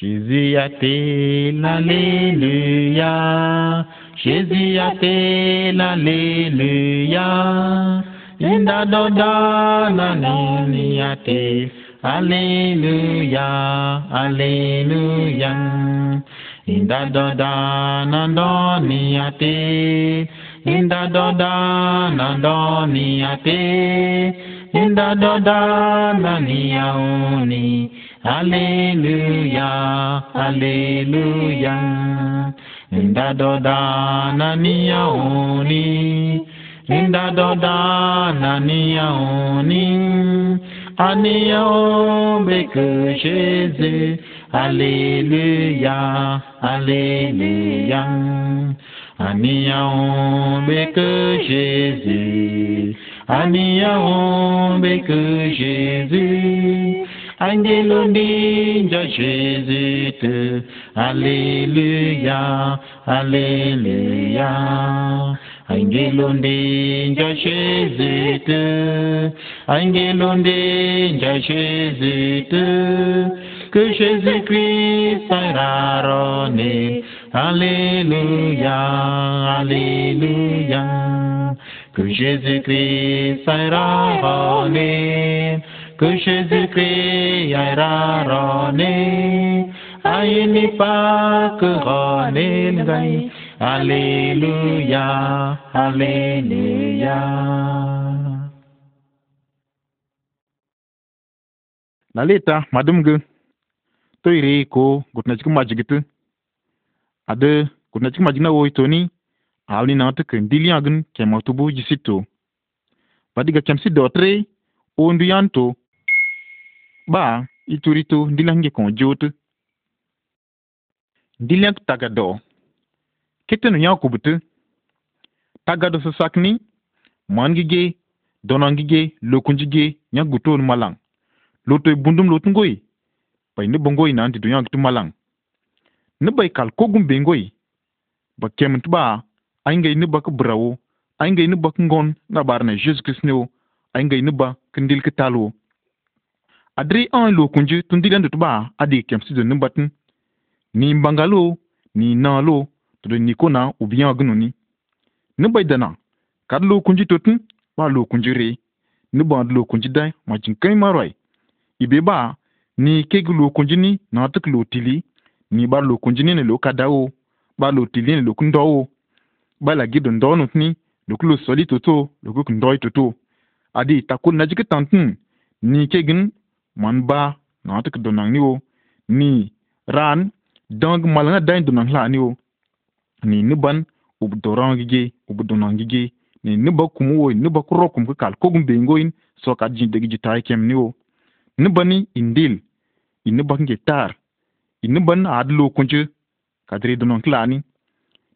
Jésus a été l'Alléluia. Jésus a été l'Alléluia. Inda doda l'Alléluia te. Alléluia, Alléluia. Inda doda nandonia te. Inda doda nandonia te. Inda doda nania oni. Alléluia, Alléluia. Linda doda nania oni, doda nania oni, Jésus. Alléluia, Alléluia. Ania que Jésus, ania que Jésus. Angelo ninja Jésus Alléluia, Alléluia. Angelo ninja Jésus Angelo ninja Jésus que jesus Cristo sera ronné, Alléluia, Alléluia. Que jesus Cristo sera ronné, Kushe Jésus-Christ rarone, rôner, aïni pas que rôner, Alléluia, Alléluia. Lalita, madam to ire ko gutna cikin majigitu, ade gutna cikin majigina woi to ni, alni na ta kan diliyan gun kematubu jisito. Badiga kemsi dotre, ondu yanto, ba iturito ndilan ge kõ joote. Ndilẽk tagado. Ketenu yakubute. Tagado sasakni, mangi ge, donangi ge, lokunji ge, nyak guton malang. Loto e bundum lotungoy. Bay ne bongoy nan tido yank tu malang. Ne bay kal kogum bengoy. Ba kemen ba, ay ngay ne bak brawo, ay ngay ne bak ngon, na barne Jésus Christ ne wo, ay ngay ne bak kendil ke talo, Adri an lo kunju tun den tutuba adi kemsi de numbatin. Ni bangalo ni nanlo, ni kona ou bien agnoni. bay dana, kad lokunju totin ba lokunju re. Nuban lokunju dai, majin kai marwai. Ibe ba, ni keg lokunju ni lo tili ni ba lokunju ni ne kadao ba lotili ne lokundao. Ba la gidon dono tni, lokulo soli toto, lokuk ndoi to Adi takul najik tantin, ni kegin manba na ti kdonan ni wo ni ran dang malanga dain donang la ni wo ni niban ub doran gige ub donan gige ni niba kumu wo niba ku kum ku kal kogum be in so ka jin degi jitai e kem ni wo niba ni indil iniba nge tar iniba na adlo kunje kadri donan la ni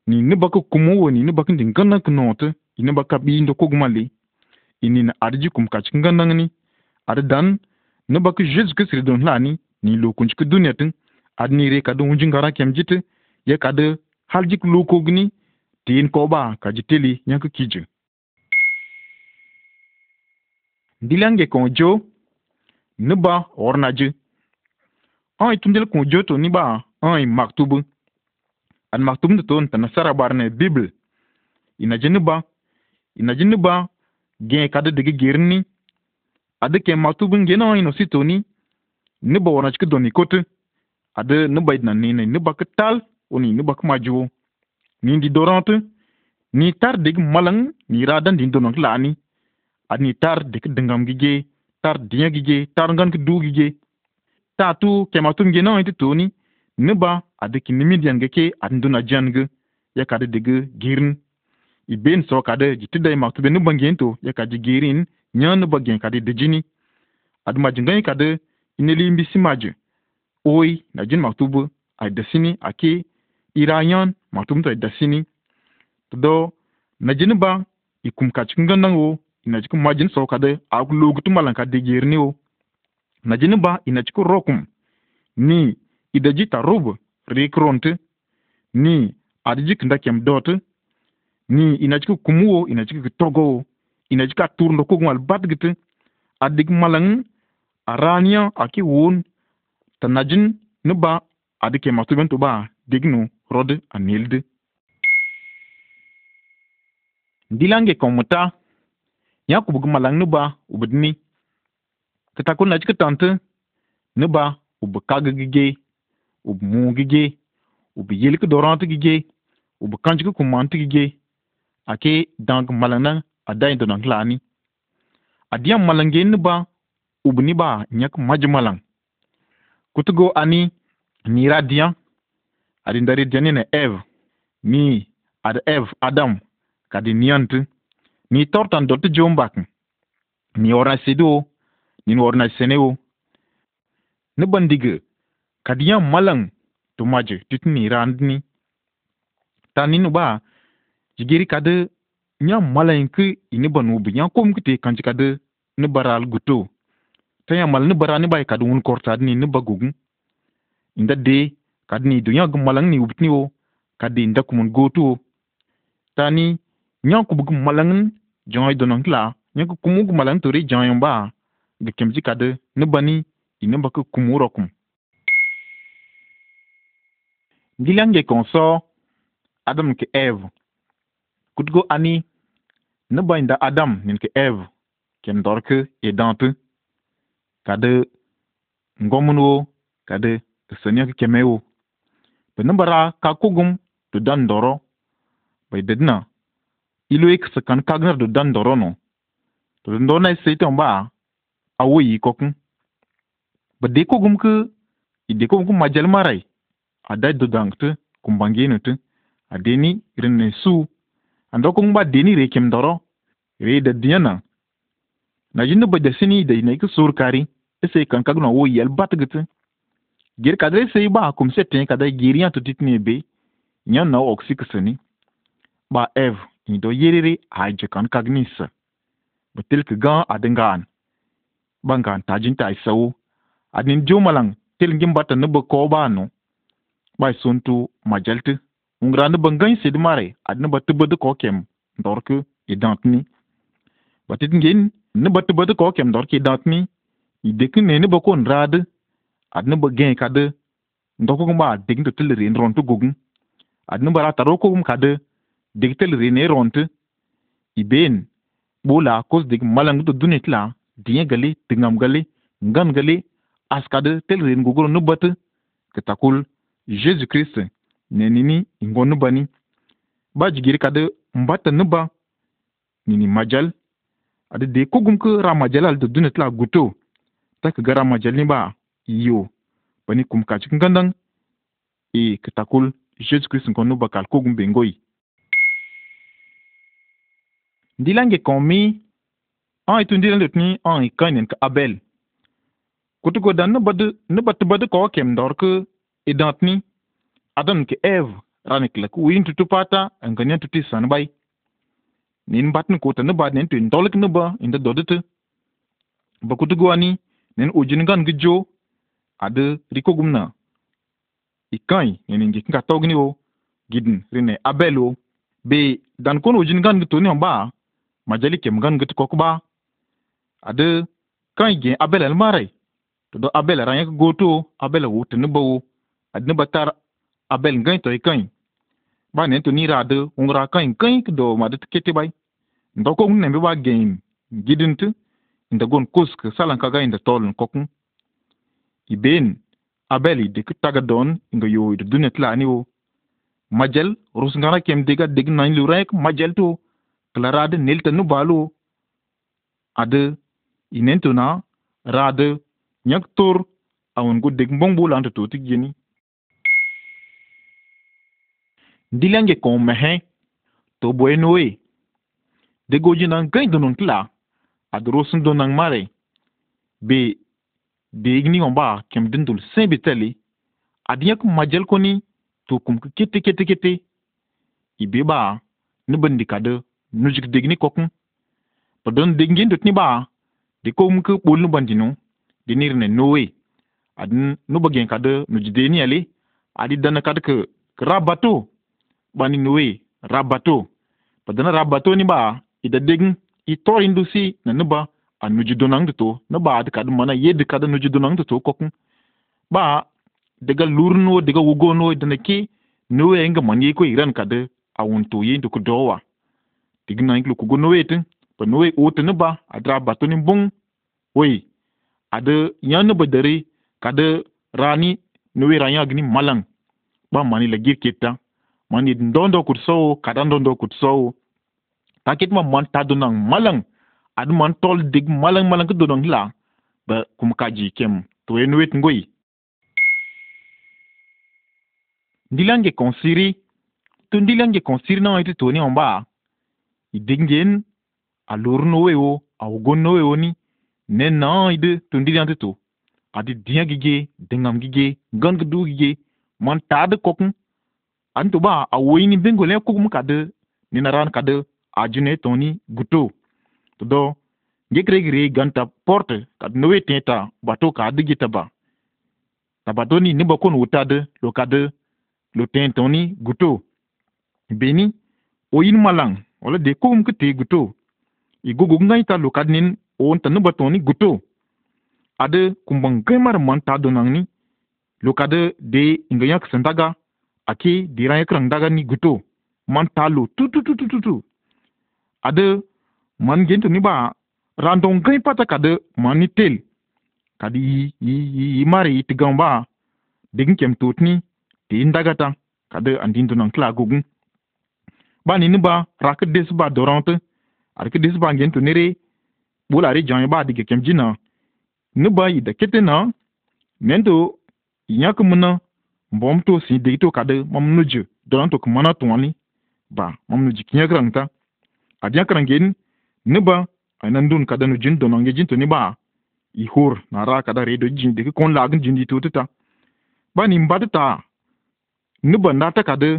ni niba ku kumu wo ni niba kin dingana knote iniba ka bi ndo kogumali ini na arji kum ka chingana ngani ardan dan Nəba kə zhwez kə sɨri dɔn hla ni ni lokonci kə duniyatɨn adɨ ire kadɨ wunji ngara kyam jitə hye kadɨ har ji lukogɨni təyin kɨwɓa ka ji tyeli mya kə kijə ndɨlyinge kongyo nə ba wor najə hangɨn tundel kongyo ni ɓa hangɨn maktubə an maktubə nə tə tənə sara ɓaarə bible ina je nə ba hina je nə ba gye kadɨ dəgə gerenni e matu bung geno ino sitoni bo wana chike doni kote ade niba idna nene ne bak tal oni oh ne bak majuo ni ndi dorante ni tar dig malang ni radan din donong lani ad ni tar dengam gige tar dinya gige tar ngan ke du gige tatu kematum ngena itu toni niba ade kinimidian geke ad nduna ya kade dige girin iben so kade jitida imaktu be nubangen ya yakaji girin nyen ba gen kadi de jini adu maji ngai kadi ineli si maji oi na jin maktubu ai dasini ake ira iranyan maktubu to ai dasini todo na jini ba ikum ka cikin gandan wo ina cikin majin sau kadi a lokutu malan kadi gerni wo na jini ba ina cikin rokum ni idaji ta rubu rikronti ni adiji kinda kem doti ni ina cikin kumuwo ina cikin togowo ina jika turndo kugmal badgiti adig malang arania aki won tanajin nuba adike matuben tuba dignu rod anildi ndilange komuta yakub gmalang nuba ubudni titakun na jika tante nuba ubu kag gige ubu mu gige ubu yelik dorant gige ubu kanjik kumant gige ake dang malang na aday to nang lani Adiam malangen ba ubni ba nyak maju malang. kutugo ani nira diyan adi dari jani ne eve ni ad eve adam kadi niyantu ni tortan dotti jombak ni orang sedo, ni orang senewo ne bandige kadi yang malang tumaje maju ni tanin ba jigiri nya malayin ki ini ba nubu nya kom kə kanci kadə nə baral guto ta nya malayin ni bara ni bayi kadə wun korta nə ni bagugun. inda de kadə ni du nya gə mwalaŋ ni wubtəni wo kadə inda kumun gotu wo ni nya kubu malayin mwalaŋən jaŋay donan kila nya kə kumu gə malayin tori jaŋayon ba ga kemji ni nə bani ini ba kə kumu rokum ngili ange konso adam ke eve go ani ne bainda da Adam nin ke ev kem dorke e dante kade ngomun wo kade sanya ki keme wo pe ni bara ka kugum du dan doro bai dedna ilo ik se kan kagner do dan doro no to do na seiton ba awo yi kokun ba de kugum ku ide kugum ku majal marai adai du dangte kumbangenu tu adeni irin su an kung ba deni re kem doro re da diana na jindu ba da da ina ka sur kari ese kan kagno wo yel gitu gir kadre sei ba kum se ten kada giriya to titne be nyan na ni ba ev ni do yerere a je kan kagnisa ba ki gan adingan bangan tajin ta isawo adin jumalan tilgin bata nubu ko ba no bai suntu majalti un grande banganho sedi mare ad ne bati bati ko kem dorke i dantni. Batit ngin ne bati bati ko kem dorke i dantni. I dekin ne ne bako nrad ad ne bagen kade ndok ko ma dekin to teleri nrontu gogun. Ad ne bara ko kum kade dekin teleri ne rontu. I ben bola kos dekin malang to dunet la dinya gali tingam gali ngan gali askade teleri ngogoro ne bati ketakul jesus Christ. nenini ingo ni ba jigiri kadı mbata nuba nini majal adi de kogum ki ra majal al dudune tila guto ta kiga ra majal ni ba yo bani kum kaci kingandan e kitakul jésus christ ngon nuba kal kogum bengoi. ngoi ndi mi an e tundi landet an e kan nen ki abel kutu go dan nuba tibadi ko kem dor ki e dant adam ke ev kila ku win tutu pata angkanya tuti san bai nin batin ko tan ba nen in dolik ne ba inda dodut ba kutu guani nen ujin kan gejo ade riko gumna ikai nen ngi ka togni o gidin rine abelo be dan kon ujin kan gitu ni ba majali kem gan kok ba ade kan gen abel mare to do abela ran yak goto abel wutu ne bawo adne batar abel ngai to ikany ba ne tu ni ra radu ungra kany kai do madu kete bay ndoko ngne be ba game gidintu inda gon kusk salan kaga inda tolun kokun iben abeli de kutaga don inga yo idu dunet la ni wo majel rus ngana kem diga dig nan lu rek majel to klarad nil tanu balu ade inentuna rade nyak tur awon go dig mbong bulan to tutik dilange kon mehen, to bwe noe. De goji nan gen donon kila, adro sen donan mare, be, de igni ba kem dendol sen betele, adiyan kum majel koni, to kum kete kete kete, ibe ba, ne ka dikade, nujik degni kokon, padon degni ni ba, de kom ke bol nuban dino, de ne noe, adin nubagen kade nujideni ale, adi dana kade ke, kra bato, ɓaninwe rabato padana rabato ni ida idadegin ito indusi na nuba a nuji donang to ba adi kadu mana yedi kadu nuji donang to kokun ba daga lurno daga wugono dana ke nuwe inga manye ko iran kadu a wunto yi to kudowa digna inglu kugo nuwe tin pa nuwe otu nuba adra rabato ni bung wei ada nya nuba dare kadu rani nuwe ranya gini malang ba mani la girketa mani ndondo kut sow kada ndondo kut sow takit ma man ta do malang ad man tol dig malang malang ko do la ba kum kaji kem to en wet ngoi ndilange konsiri to ndilange konsiri na ite to ni omba idingen alur a wewo awgon no wewo ni nen na ide to ndilange to adi diya gige dengam gige gan gdu gige man ta de kokun ani a ba awoyi ni bengo le kukum kade ni naran kade ajune toni guto to do ngekre gire ganta porte kad nowe teta bato ka digita ba ta bato ni ni bakon utade lo kade lo tentoni guto beni oyin malang wala de kukum kete guto igugu ngai ta lo kadnin on tanu batoni guto ade kumbang kemar manta donangni lo kade de ingayak sentaga aki dira ek rang daga ni guto man talu tu tu tu tu tu tu ade man gento ni ba randong gai pata kade man ni tel kadi yi yi yi, yi mari ti ba digin kem ni ti daga ta kade andin nang kla gugun ba ni ni ba rak des ba dorante arke des ba gento re bula re jan ba dige kem jina ni ba yi da kete na mento yakumuna mbɔ m too sẽn deg tɩ ka d mam nudze dɔla n tɩ k mana tõani ba mam nudzi kẽa kra ta a dĩa kra ngen neba a na ndun kada nu jin dononge jin to neba i hor na ra kada re do jin de kon lagin jin di to ta ba ni mbata ta neba na ta kada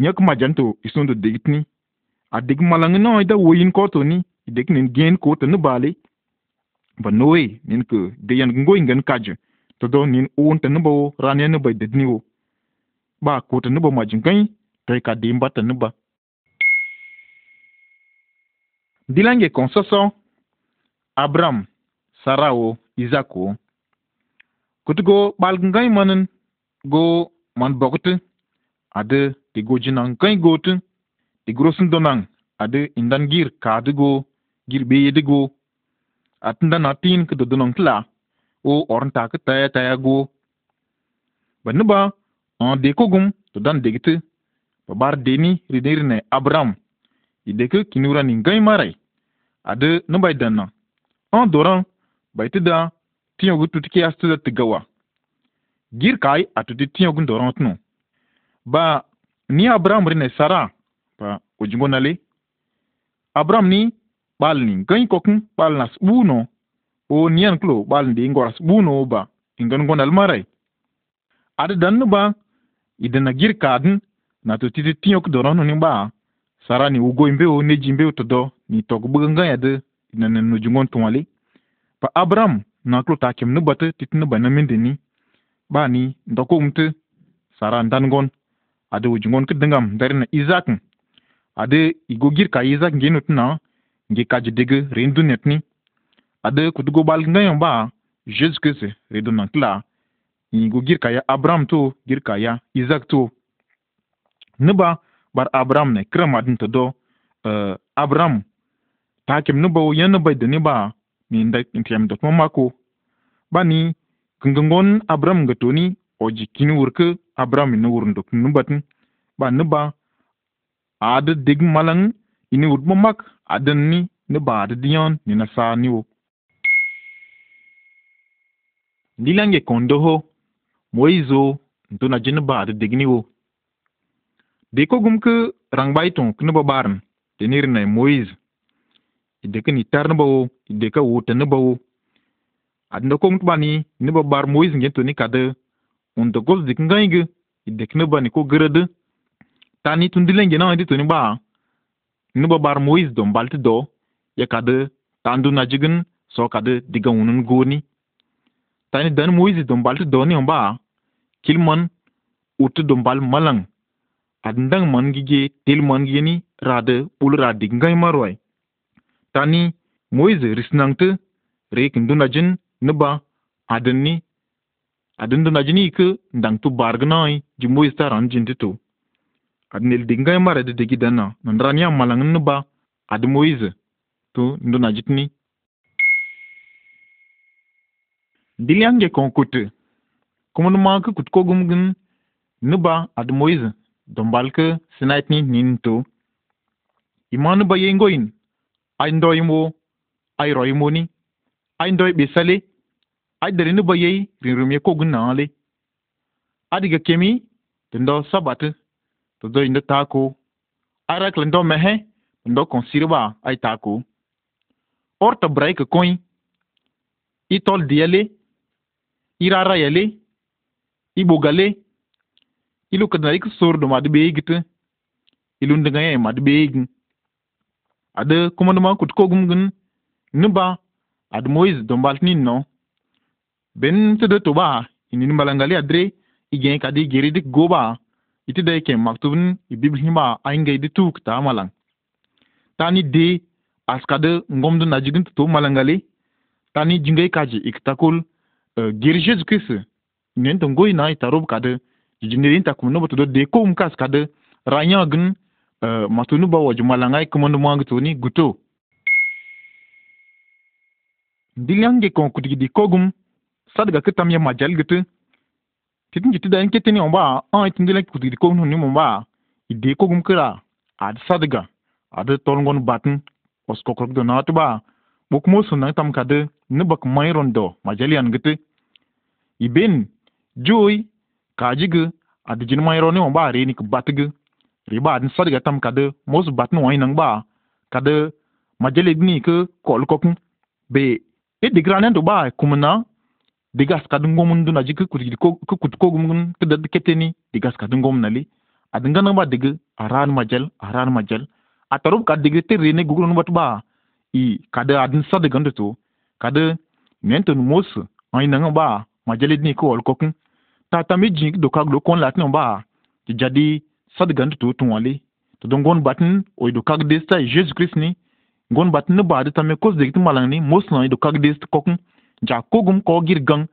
nyak ma janto isun do degitini a dig malang no ida woyin ko to ni deg nin gen ko to ne bale ba noe nin ko de yan ngoy ngan kaje todo nin un tani bo rania ni bo dedi ni wo ba ko tani bo majin kai tai ka di mba tani ba dilange kon soso abram sarawo izako kutugo balgin kai manin go man bokti adi di gojinan kai gotin di grosin donan adi indan gir kadigo gir beyedigo atindan atin kudu donang tila o orn ta ke taya taya go ba ba an de gum to dan degiti ba bar deni ri ne abram i deke kinura ni ngai marai ade nuba idan na on doran ba iti da tiyogu tutiki astu da tigawa gir kai atuti tiyogu doran tunu ba ni abram ne sara ba ojingo nale abram ni bal ni ngai kokun bal nas uno o niyan klo bal ndi ngwas buno ba ingan gondal marai ad dan ba idana gir kadin na to titi tiyok doron ni ba sarani ugo imbe o neji imbe to do ni tok buganga ya de na na no jungon tumali pa abram na klo ta kem nubata titi nuba na mindini ba ni ndoko umte sara dan gon ade ujungon kidingam darina izak ade igo gir ka izak ngenu tna ngi dege rendu netni ade kudugo ɓal ngayon ba jésus christ redo na kla inyigo gir ka ya abraham to gir ka ya isaac to nuba bar abraham ne krama din to do uh, eh, abraham ta kem nuba wo yan nuba da ba ni nda ntiyam da kuma mako Ba bani gungungon abraham ga toni o jikin wurke abraham ne wurin da kuma nubatin ba nuba ada dig malang ini wurma mak adan ni nuba ada diyon ni na sa ni wo Ndilange kondoho, moizo, na jin baad digniwo. Deko gumke rangbaiton ba barn, tenir na moiz. Ideka ni wo ad wota nubawo. Adna ni tbani, ba bar moiz to ni kada. Onda gos dik ngainge, idek nuba ni ko gerede. Tani tundilange na to ni ba. Nuba bar moiz don balte do, yakada tandu jigen so kada diga wunun goni. Tani dan muizi dombal tu doni yomba kilman utu dombal malang ad man gige til man gini rade ul radik ngay marwai. Tani muizi risnang ti rek ndunajin niba adini adin dunajini iki ndang tu bargnay ji muizi taran jinditu. adnel dingay mara de degi dana nandran malang nuba ad muizi tu ndona jitni Dilyange kon kote, komon manke kout kogum gen, nuba ad Moise, don balke senait ni nin to. Iman nuba yengoyin, ay ndoy mo, ay yi mo ni, ay ndoy besale, ay dere nuba yey rinrumye kogun nan le. Adiga kemi, tendo sabat, to do indo tako, ay rak lendo mehe, ndo konsirba ay tako. Orta braike koin, itol diyale, irara yale ibogale ilu kadna ik do madu beegit ilu ndinga ye madu beegin adu komanduma kut kogum gun nuba adu moise dombaltinin no ben de toba inin malangali adre igen kadi geridik goba iti da yake maktubin ibibli hima ainge de tuk ta malang tani de askade ngomdu najigin to malangali tani jingai kaji iktakul girjez kisi nen tə ngoi na i tarob kadə jineri ta kumno bə tə de ko um kas kadə ranya gən matunu ba waj malangai kumon mwa gtoni guto ndilange kon kutigidi kogum sadga kitam ya majal gitu titin jitu da yanke tini omba an ah, itin dila kutigidi kogum ni momba ide kogum kira ad sadga ad torngon batin oskokrok do na tuba bokmo sunan tam kade ne bak mayron do majalian gitu iben joy kajigi adijin mayro ni ba reni ki batigi riba adin sadiga tam kada mos batni wani nang ba kada majele ke ki kolkokun be e digranen to ba kumna digas kadun gomun duna jiki kutigi ko kutko gumun kada keteni digas kadun gomna li adin ganan ba digi aran majal aran majal atarub ka digi te reni gugrun bat ba i kada adin sadiga ndo to kada mento mos wani nang ba majalid ni ko olkokun tata mijin do kaglo kon latin ba ti jadi sadgan tu tun wale to don gon batin o do kag des ta jesus christ ni gon batin ne ba ta me kos de ti malang ni mos no do kag des kokun ja kogum ko gir gang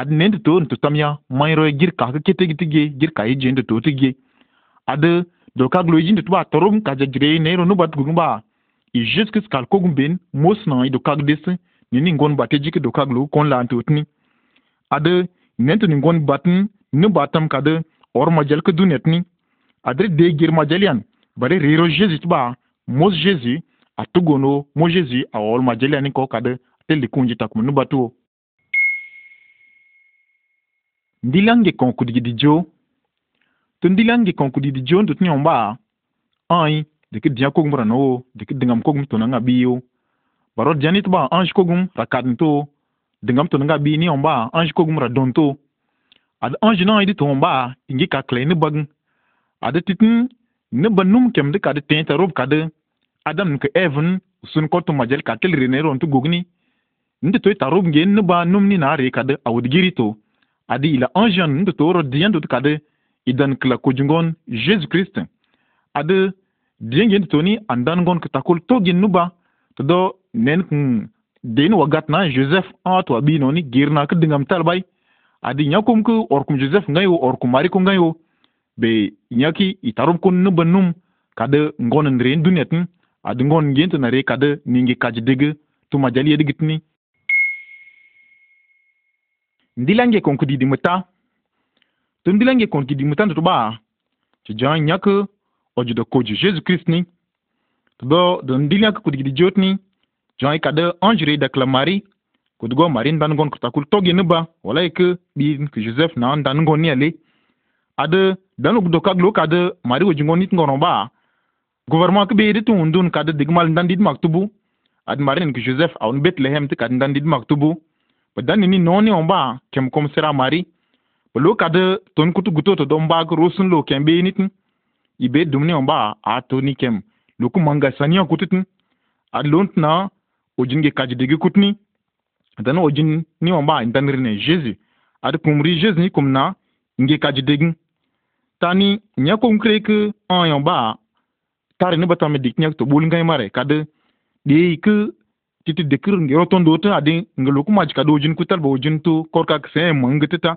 ad ne to tu tamya mai ro gir ka ke te gitige gir ka yi jin to tige ad do kaglo jin to ba torum ka ja jire ne ro no bat gugum ba i jesus christ kal kogum ben mos no do kag des ni ni gon batin e jike do kaglo kon lantin otni ade nent ningon batn ni batam kade or majal ke dunetni adre de gir majalian bare riro jésus ba mos jésus atugono mo jésus a or majalian ko kade te likunji takum ni batuo ndilange konkudigi jo to ndilange konkudigi jo ndot nyomba ai deke dia kogum rano deke dengam kogum tonanga biyo baro janit ba anj kogum rakadnto dingam to nga bi ni omba anj ko gumra donto ad anj na idi to omba ingi ka kle ni bag ad titin ne banum kem de kad ten ta rob kad adam ke even sun ko to majel ka tel rene ron to gugni nde to e ta rob gen ne ba num ni na re kad awd giri to adi ila anj nde to ro dien do kad idan kla ko jungon jesus christ ad dien gen to ni andan gon ka takol to gen nuba to do nen kun den wagatna joseph an to abi noni girna ke dingam talbay adi nyakum ke orkum joseph ngayo orkum mari ko ngayo be nyaki itarum kun nubanum kade ngon ndren dunetin adi ngon ngent na re kade ningi kaj dege tuma jali edgitni ndilange konku didi muta to ndilange konku didi muta ndo ba to jan nyaka ojudo koji jesus christ ni to do do ndilange konku didi jotni jon ikade onjiri dakla mari kudugo mari ndangon kutakul togi nuba wala ike bin ke joseph na ndangon ni ale ade danuk dokaglo kade mari wujingon nit ngoron ba gouvernement ke beede tu undun kade digmal ndandid maktubu ad marin ke joseph aun bethlehem te kade ndandid maktubu padan ni noni omba kem kom sera mari lo kade ton kutu guto to domba ko rosun lo be nitin ibe dumni omba a toni kem lo ku manga saniya kututin ad lontna ojin ge kadjidigi kutni dan ojin ni wamba indanrine jésus ad kumri jésus ni kumna nge kadjidigi tani nya kum kreke an ba tare ni batame dik nyak to bul ngay mare kad de ke titi dekir nge rotondo ta ade ngelo kuma jika do ojin kutal bo ojin to korka kse mangteta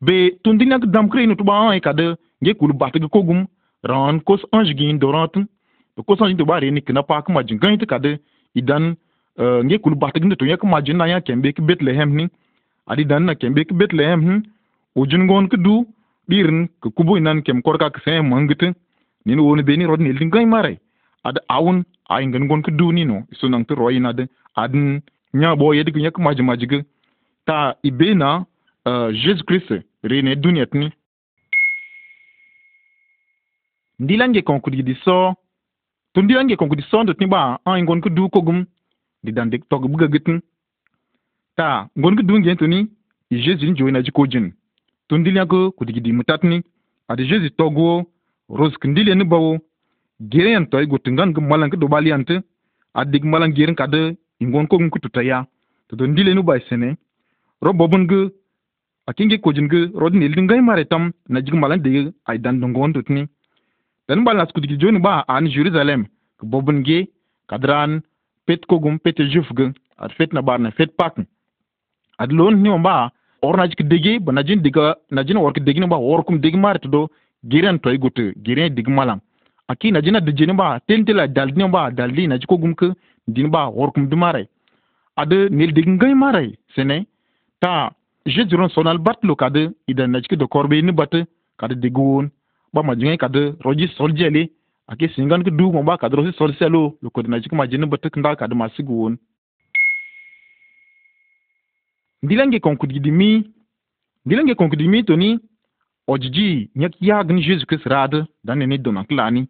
be tundina dam krene to ba an kad nge kul batge kogum ran kos anjgin dorant kos anjgin to bare ni kna pa kuma jingan ta kad idan eh, nge kulu batik nde to yek majin na ya kembe ki Bethlehem ni adi dan na kembe ki Bethlehem hin ujin gon ki du birin ki kubu inan kem korka ki sen mangite nin woni beni rod ni lingai mare ad awun ay ngen gon ki du ni no sunan ti royina de adin nya bo yedi ki yek majin majige ta ibena uh, eh, Jésus Christ rene dunyet ni ndilange konkudi di so tun di ange kon kudi sondo tni ba an ngon ku du kogum di dan de tog buga gitin ta ngon ku du ngen tuni jesus njo ina ji kojin tun di lako kudi gidi mutatni adi jesus togwo ros kindile ni bawo gere yan toy gan gu malan ku dobali ante adig malan gerin kada ngon kogum ku tutaya to tun di lenu bai sene ro bobun gu akinge kojin gu rodin ildin gai mare tam na jig malan de ay dan dongon tutni Dan bal nas kudigil joni ba an Jerusalem ke bobun ge kadran pet kogum pet juf ge at fet na bar na fet pakken. Ad lon ni ba or na jik dege ba na jin diga na jin work dege ba or kum dege mar to giren toy gutu giren dig malam. Aki na jina de jini ba tel tel dal ni ba dal ni na jik kogum ke din ba or kum dumare. Ad nil dig ngai mare sene ta je jiron sonal batlo kade idan na jik de korbe ni bat kade digun ba ma jingai kadu roji solje ake singan ku du mo ba kadu roji solse lo lo ko na jikuma jinu batuk nda kadu masigu won ndilange konkudidimi ndilange konkudidimi toni ojiji nyak yagin Jésus Christ rad dan ne don anklani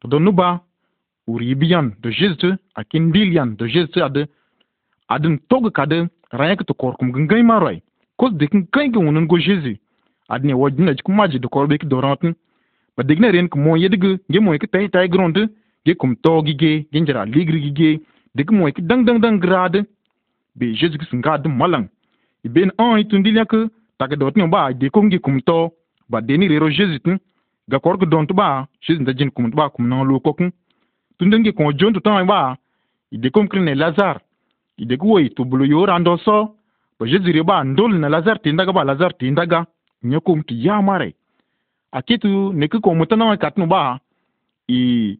to don nuba uribiyan do Jésus akin dilian do Jésus ade adin tog kadu rayak to korkum gungai marai kos de kin kai gunun go Jésus ad ne wajin da kuma ji da korbe ki doratin ba digne ren ko moye dig ge moye ki tay tay gronde ge kum to gi ge jara ligri gi ge moye ki dang dang dang grade be jesus ki singa malang iben on itundi ba de kum gi kum to ba deni rero jesus tin ga kor ko ba jesus da jin kum ba kum na lo kokun tundan ge ko jon to ba ide kum lazar ide yi yo rando so ba jesus re ba ndol na lazar ba lazar nyekom ti yamare akitu neki ko mutana kat nu ba i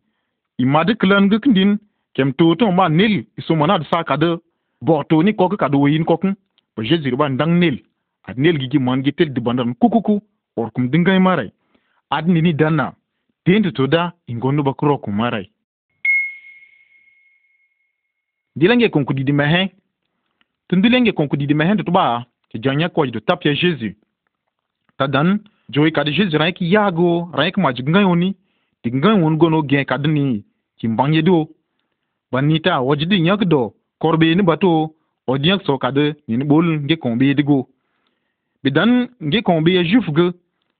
i madu klan gukndin kem toto ba nil isumana da saka da borto ni koku kadu wayin kokun ba jezir ba ndang nil ad nil gigi man gi tel dibandan kukuku orkum dingay mare ad ni danna tendu to da ingondu ba kuro ku mare dilange konku didi mehe tundilenge konku didi mehe to ba ke janya ko do tapya jesus ta Tadan joyi kadi Jésus rank yago rank maj ngayoni ti ngayon gono gen kadini ki mbangye do banita wajidi nyak do korbe ni bato odiyak so kade ni bol nge kombe digo bidan nge kombe ya jufge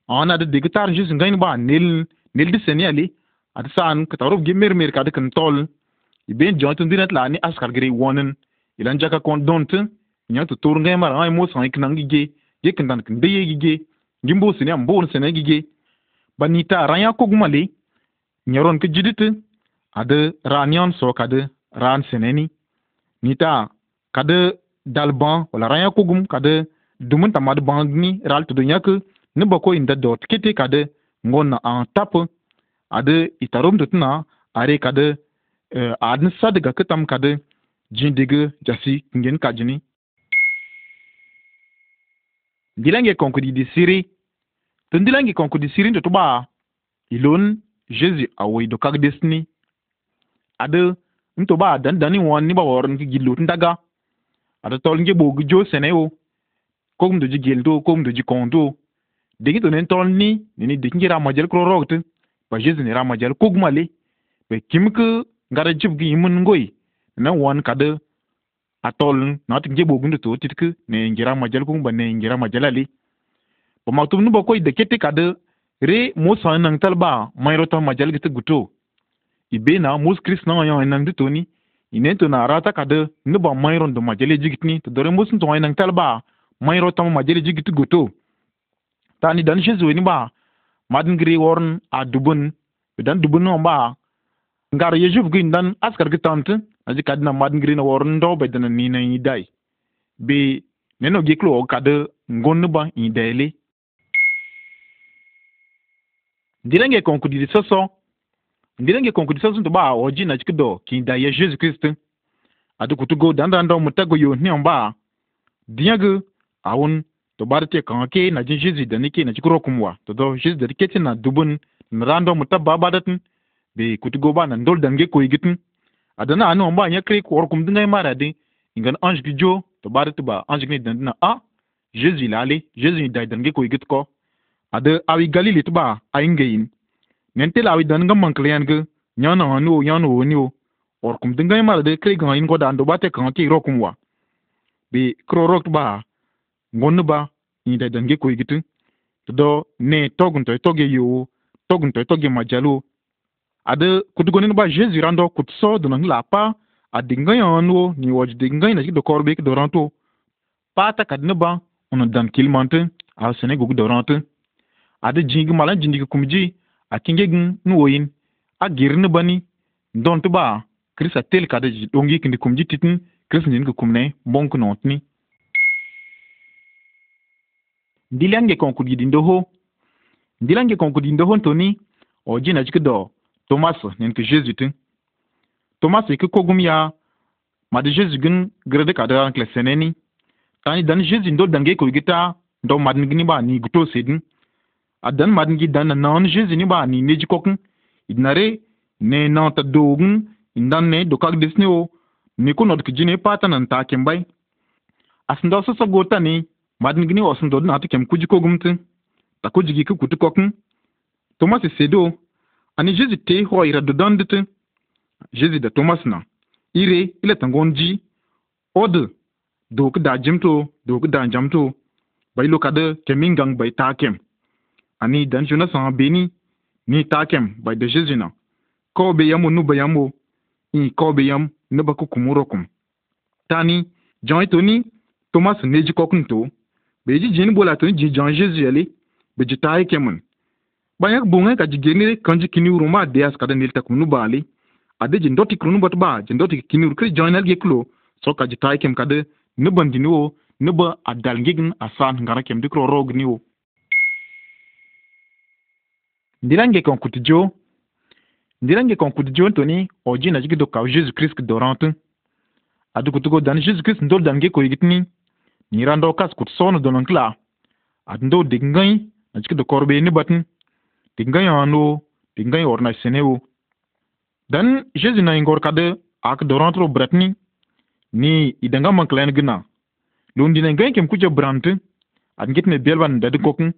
an ada digitar Jésus ngayon ba nel nel de seni ali ati saan katarof ge mermer kade kan tol iben jontin dinat la ni askar gere wonen ilan jaka kon donte nyak to tur ngayon mara ay mo san iknangi ge ye ge kendan kende ye ge jimbo sine am bon sine gige banita ranya ko gumale nyaron ke jidit ade ranyon so kade ran seneni nita kade dalban wala ranya ko gum kade dumun tamad bangni ral to nyak ne bako inda dot kete kade ngonna an tap ade itarom tutna are kade uh, adn sadga ketam kade jindige jasi ngen kajini bilange konkudi di siri to ndi langi konkudi siri nto tuba ilon jésus awoyi do ni desini adi nto ba dan dani wan ni ba wor nki gillu ndaga adi tol nge bo jo sene yo ko mdo ji geldo ko mdo ji kondo de ngi to nen tol ni ni de ngi ra majal kro rogt ba jésus ni ra majal ko gmale be kimke ngara jib gi imun ngoy na wan kade atol na tinge bo gundu to titke ne ngira majal ko ba ne ngira majalali Bo nu boko idekete kade re mos sãn nang tall ba mai rota ma jalgi tɩ guto y bee na mos kirist na yo yã nang toni y to na rata ka da bãm mam rõnd ma jale jigit ni dore mos n tɩ wã nang tall ma jale jigit guto t'a ni dan ni ba madin madingri worn a dubun dan dubun wã ba ngar yezuf gi dan askargi tãmt na zĩ kadɩ na madingri na worn ndao bɛ ni na yi dai bɩ neno giklo geklo kade ngõnd bã yĩ dɛɛle Ndirange konkudi soso. Ndirange konkudi soso to ba oji na chikido ki da ye Jesus Christ. Adu kutugo danda ndo mutago yo ne ba. Diyagu awun to ba te kan ke na jin jesu dani ke na chikro kumwa. To do jesu da ke na dubun na rando ba datin be kutugo ba na ndol dange ko yigitin. Adana anu ba nya kre ko orkum dinga mara din. Ingan ange jo to ba te ba ange ne dana a. jesu il est allé, Jésus il a donné quoi il ade awi galili tuba aingeyin nentel awi dangam mankle yanga nyana hanu nyana wonio orkum dingay marade kre gan in goda ando bate kan ti rokum wa be krorok ba ngon ba inde dange ko yigitu do ne togun to toge yo togun to toge majalo ade kudugonin ba jesus rando kutso dunan la a adingay hanu ni waj dingay na do korbe ki doranto pata kadne ba on dan kilmante a senego doranto ada jingi malã zĩndg kumji a kĩngegẽ n woyin a gɩr ne bani don tɩ ba kirista tel kada zĩ ɗong yikndi kumji tɩtẽ kirist zĩnd kumne bõng kẽ noog tɩni ndila nge kon kudiɗindoho ndila nge kon kudiɗindoho n toni o jina jik do tomas nen kẽ zeezi tẽ tomas kẽ kogum yaa mad zeezi gẽn gɩrd kada rankla seneni tani dan jesu ndo dange koygɩ ta ndo madengni ɓa niig to sedẽ a madin gi dan dan an Jésus ni ba ni ne jikokin kokun idnare ne nan ta dogun indan ne kak desni o ni ko nod kiji ne pata nan ta kem bay asinda so so gota ni mad ngini osindo na ta kem kuji kogum tin ta kuji gi ku kutu kokin Thomas sedo ani Jésus te ho ira do dan dit Jésus da Thomas na ire ile tangon ji od do ku da jimto do ku da jamto bai lokada kemin gang bay ta kem ani dan juna san beni ni takem bai da jizina ko be yamu nu be yamu in ko be yam ne ba ku kumurokum tani jan to ni thomas ne ji kokun to be ji jin bola to ji jan jesus yele be ji tai kemun banyak bunga ka ji genire kanji kini uruma de as kada nil takum nu bali ade ji ndoti krunu bat ba ji ndoti kini ur kri joinal ge klo so ka ji tai kem kada ne bandini wo ne ba adal ngigin asan ngara kem dikro rog ni wo Ndilange kon kutjo. Ndilange kon kutjo toni oji na jikido kaw Jésus Christ dorant. Adu kutugo dan jesu Christ ndol dan ge ko yigitni. Ni rando kas kut sono donon kla. Adu ndo dingai na jikido korbe ni batin. Dingai ano, dingai orna senewo. Dan jesu na ingor kade ak dorantro bretni. Ni idanga manklen gna. Lundine ngai kem kuja brante. Adgetne belban dadu kokun.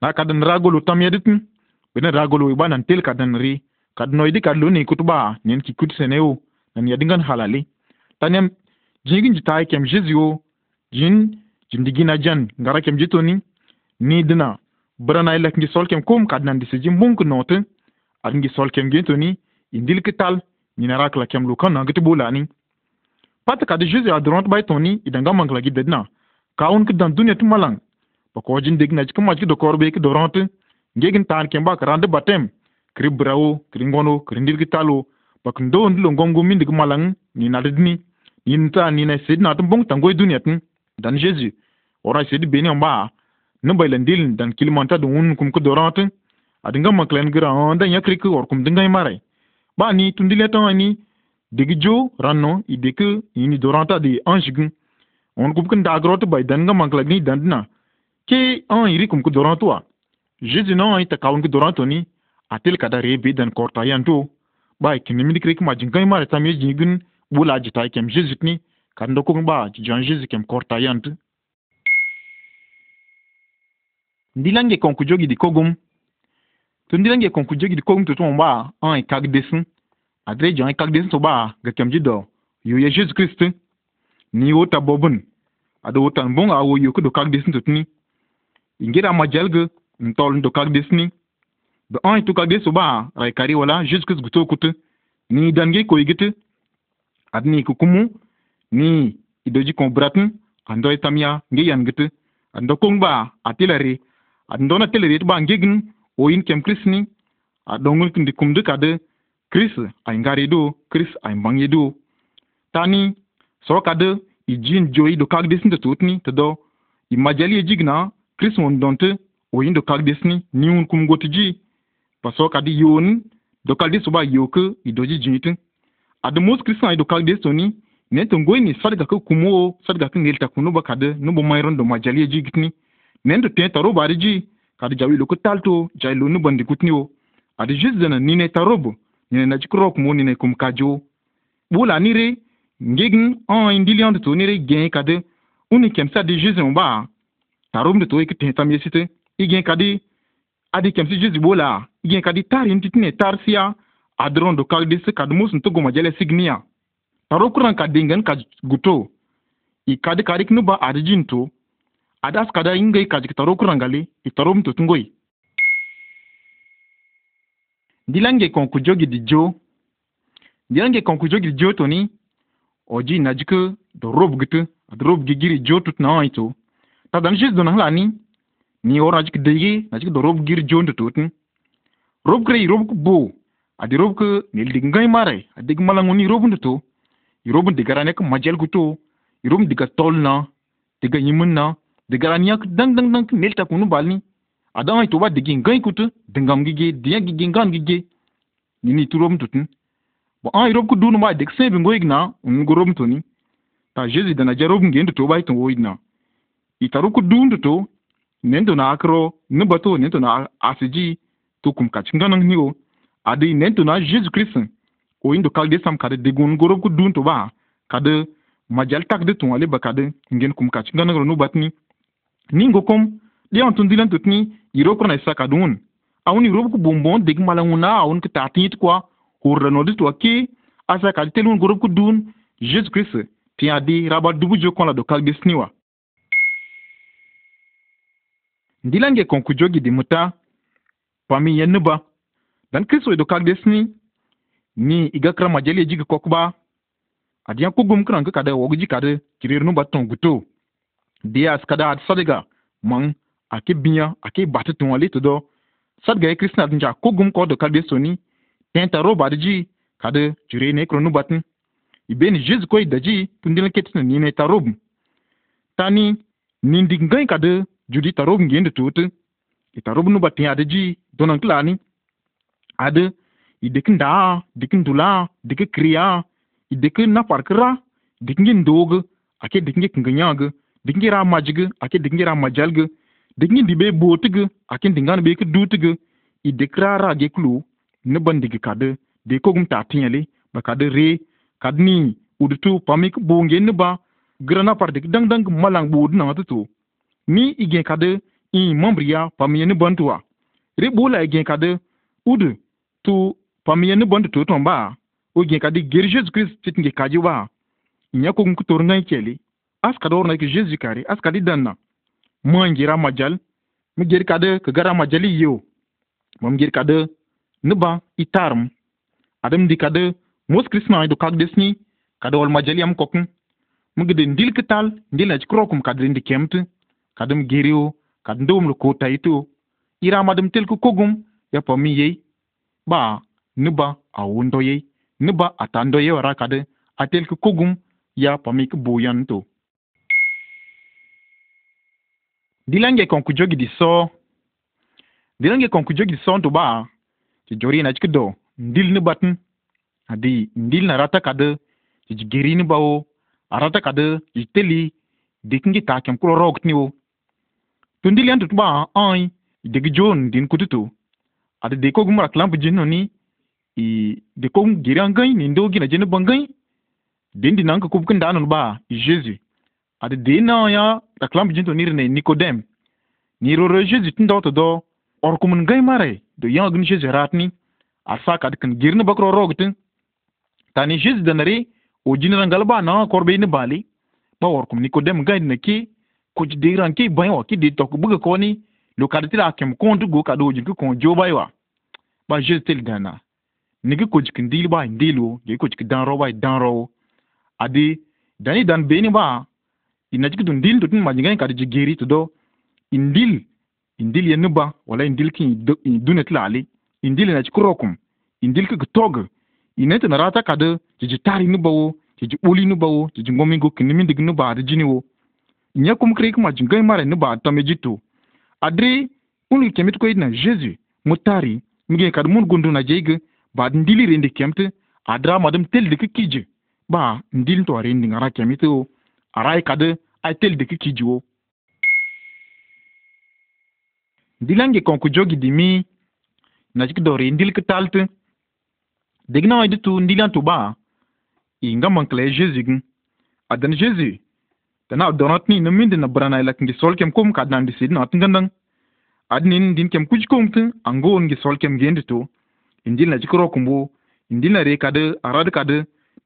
Na kadan ragolu tamyeditin. bene ragolo iba nan tel kad nan ri kad no idi kad lu ni kutuba nen ki kut seneu nan ya dingan halali tanyam jingin jitai kem jizio jin jimdigina jan ngara kem jitoni ni dina brana ilak ngi sol kem kum kad nan disijim munk note ad ngi sol kem gintoni indil kital ni narak la kem lu kan na gitu bulani pat kad jizio adront bay toni idanga mangla gidedna kaun kidan dunya tumalang pakoojin degna jikuma jikdo korbe ki doronte ngegin taan kemba karande batem kiri brawo kiri ngono kiri ndirgi talo bak ndo ndilo ngongo mindi malang ni nadidni ni nta ni na sid na tumbong tangoy duniyatin dan jesu ora sid beni amba no bayla ndil dan kilimanta dun un kum ko dorantin adinga maklen gira onda yakri ko or kum dinga mare ba ni tundile to ni digi jo ranno ideke ini doranta de anjigun on kum kan dagrot bay dan ga maklagni dandna ke an iri kum ko dorantoa Jizi na ita kawun gidoran toni atil kada re be dan korta yanto ba kini mini krik ma mi jingin bula jita kem jizi ni kan do kun ba jan jizi kem korta yant ndilange kon ku jogi di kogum to ndilange kon ku jogi di kogum ba an kag desin adre jan kag desin to ba ga kem jido yo ye jizi kristi ni wota awo ntol ndo kak disni do an tu kak disu ba rai kari wala juskus guto kutu ni dangi ko igiti adni ku kumu ni idoji kon bratin ando itamya ngi yan gitu ando kong ba atilari ando na tilari ba nge ngigin oyin kem krisni adongul kindi kumdu kade kris ay ngari do kris ay mangi do tani so kade ijin joyi do kak disin tutni to do imajali ejigna kris won donte o yin do kagdes ni ni un kum goti ji paso kadi yon do kagdes ba yoke i doji jinitin adu mos kristan i do kagdes ni ne to ngoi ni sadga ko kumo sadga ko ngel ta kunu ba kade no bo mayron do majali e ji gitni ne do te taro ba ji kadi jawi lo ko talto jai lo nu bandi kutni o adu jis dana ni ne tarobo ni ne na jikrok mo ni ne kum kajo bula ni re ngegin on indilion to ni re gen kade uni e kemsa de jis on e ba tarom de to ikte tam yesite i igen kadi adi kemsi jesus bola igen kadi tari mtitine a adron do kagdis kadi musun goma majele signia taro kuran kadingen kaj guto i kadi karik nuba adijinto adas kada ingai kajik taro kurangali i taro mtutungoi ndilange konku jogi di jo ndilange konku jogi di jo toni oji najik do rob gitu ad rob gigiri jo tut na to. tadan jesus do na ni. ni wor na jik deyi na jik do rob gir jondu tutun rob grey rob ku bo adi rob ku nil dig ngai mare adi ig malangu ni rob ndutu i rob di garane ku majel ku tu i rob di ga tol na diga yimun na di raniya ku dang dang dang nil ta kunu balni gi ngai tu di ngam kutu dingam gige gi gi ngan gige ni ni tu rob ndutun bo an i rob ku nu ma dig sebe ngoyig na ungu rob ni ta jesus dana ja rob ngendu tuba itun woyig na itaru ku ndu to nendo na akro nubato nendo na asiji to kum ka chinga nang niwo adi nendo na jesu christ o indo kal desam kade de gun goro ku dun to ba kade majal tak de tun ale ba kade ngen kum ka chinga nang no batni ningo kom de antun dilan tutni iro kona isa kadun awun iro ku bombon de gmala nguna awun ka tatit kwa hurra no de to ke asa kade telun goro ku dun jesus christ ti adi raba dubu jokon la do kal desniwa ndilange kon kujogi di muta pami yen nuba dan kristo ido kag desni ni iga kra majali jigi kokba adiyan gum kran ka kada wogi jikade kirir nuba ton guto dia skada ad sadiga mang ake binya ake batu tun wali todo sadga ye kristna dinja kugum ko do kag desoni tenta roba diji kada jure ne kro nuba tin ibeni jesu ko idaji tundilan ketina ni ne tarobum tani nindigan kada judi tarob ngende tutu i tarob nu batin ada ji donan klani ada i dikin da dikin dula dikin kriya i dikin na parkira dikin ngin dogu ake dikin ngin kinganyagu dikin ngira majigu ake dikin ngira majalgu dikin ngin dibe botugu ake dingan be ki dutugu i dikra ra ge klu ne bandigi kadu de kogum ta tinyali ba kadu re kadni udutu pamik bonge ne ba grana par dik dang dang malang budu na tutu mi i kade in membri ya pamiye ni bantu wa. Ribu la igen kade udu tu pamiye ni bantu tu tomba o igen kade geri Jésus Kris tit nge kaji wa. Nya ko nku torna i keli. As kade orna ki jesu kari as kade danna. Mo ngira majal mi geri kade ke gara majali yo. Mam geri kade ni ba i tarm. Adam di kade mwos Christ na idu kak desni kade wal majali am kokun. Mugde ndil ketal, ndil aj kum kade rindi kemte. kadum giriu kad ndumlu ku taitu ira madum tilku kugum ya pomi yei ba nuba awundo yei nuba atando yei wara kade atelku kugum ya pomi ku buyan to dilange konku jogi di so dilange konku jogi di so to ba ti jori na chikdo ndil ni batun adi ndil na rata kade ti giri ni bawo arata kade iteli dikingi takem kulo rogtni wo tu ndili yantu tuba ai degi jon din kututu ada de ko kilan klamp jinno ni i de giri an ngai ni ndo gina jene bangai din din anka kubkin da anan ba jesus ada de na ya kilan klamp jinto ni ne nikodem ni ro ro jesus tin do to do or kumun ngai mare do yang gun jesus ratni asa kad kan girna bakro rogtin tani jesu danare o jinran galba na korbe ni bali ba or nikodem gani na ke. kujidigira nki bayo ki di tok buga ko ni lokality la kem kontu go ka dojin ku kon jo baywa ba je tel dana nigi kujik ndil ba ndilu ge kujik dan ro ba dan ro adi dani dan beni ba inajik tun dil dun majingan ka di geri to do indil indil ye nuba wala indil ki dunet lali indil na ci kurokum indil ki tog inete na rata kada jiji tari nuba wo jiji uli nuba wo jiji ngomi go kinimi dig nuba adi jini wo nye kumkri kuma jingai mara ni ba atome jitu adre unu kemit ko idna jesus mutari mge kad mun gundu na jeige ba ndili rendi kemte adra madam tel de kije ba ndil to rendi ngara kemite o arai e kad ai tel de kije o Dilange konku jogi mi, na jik do rendil kitalte degna wa e ditu ndilan to ba inga mankle gen, adan jesus Tena donat ni na mindina brana ila kingi sol kem kum kadna ndi sidna atngandang. Adnin din kem kuj kum tu ango ngi sol kem gendi tu. Indil na jikro kumbu. Indil na re kade arad kade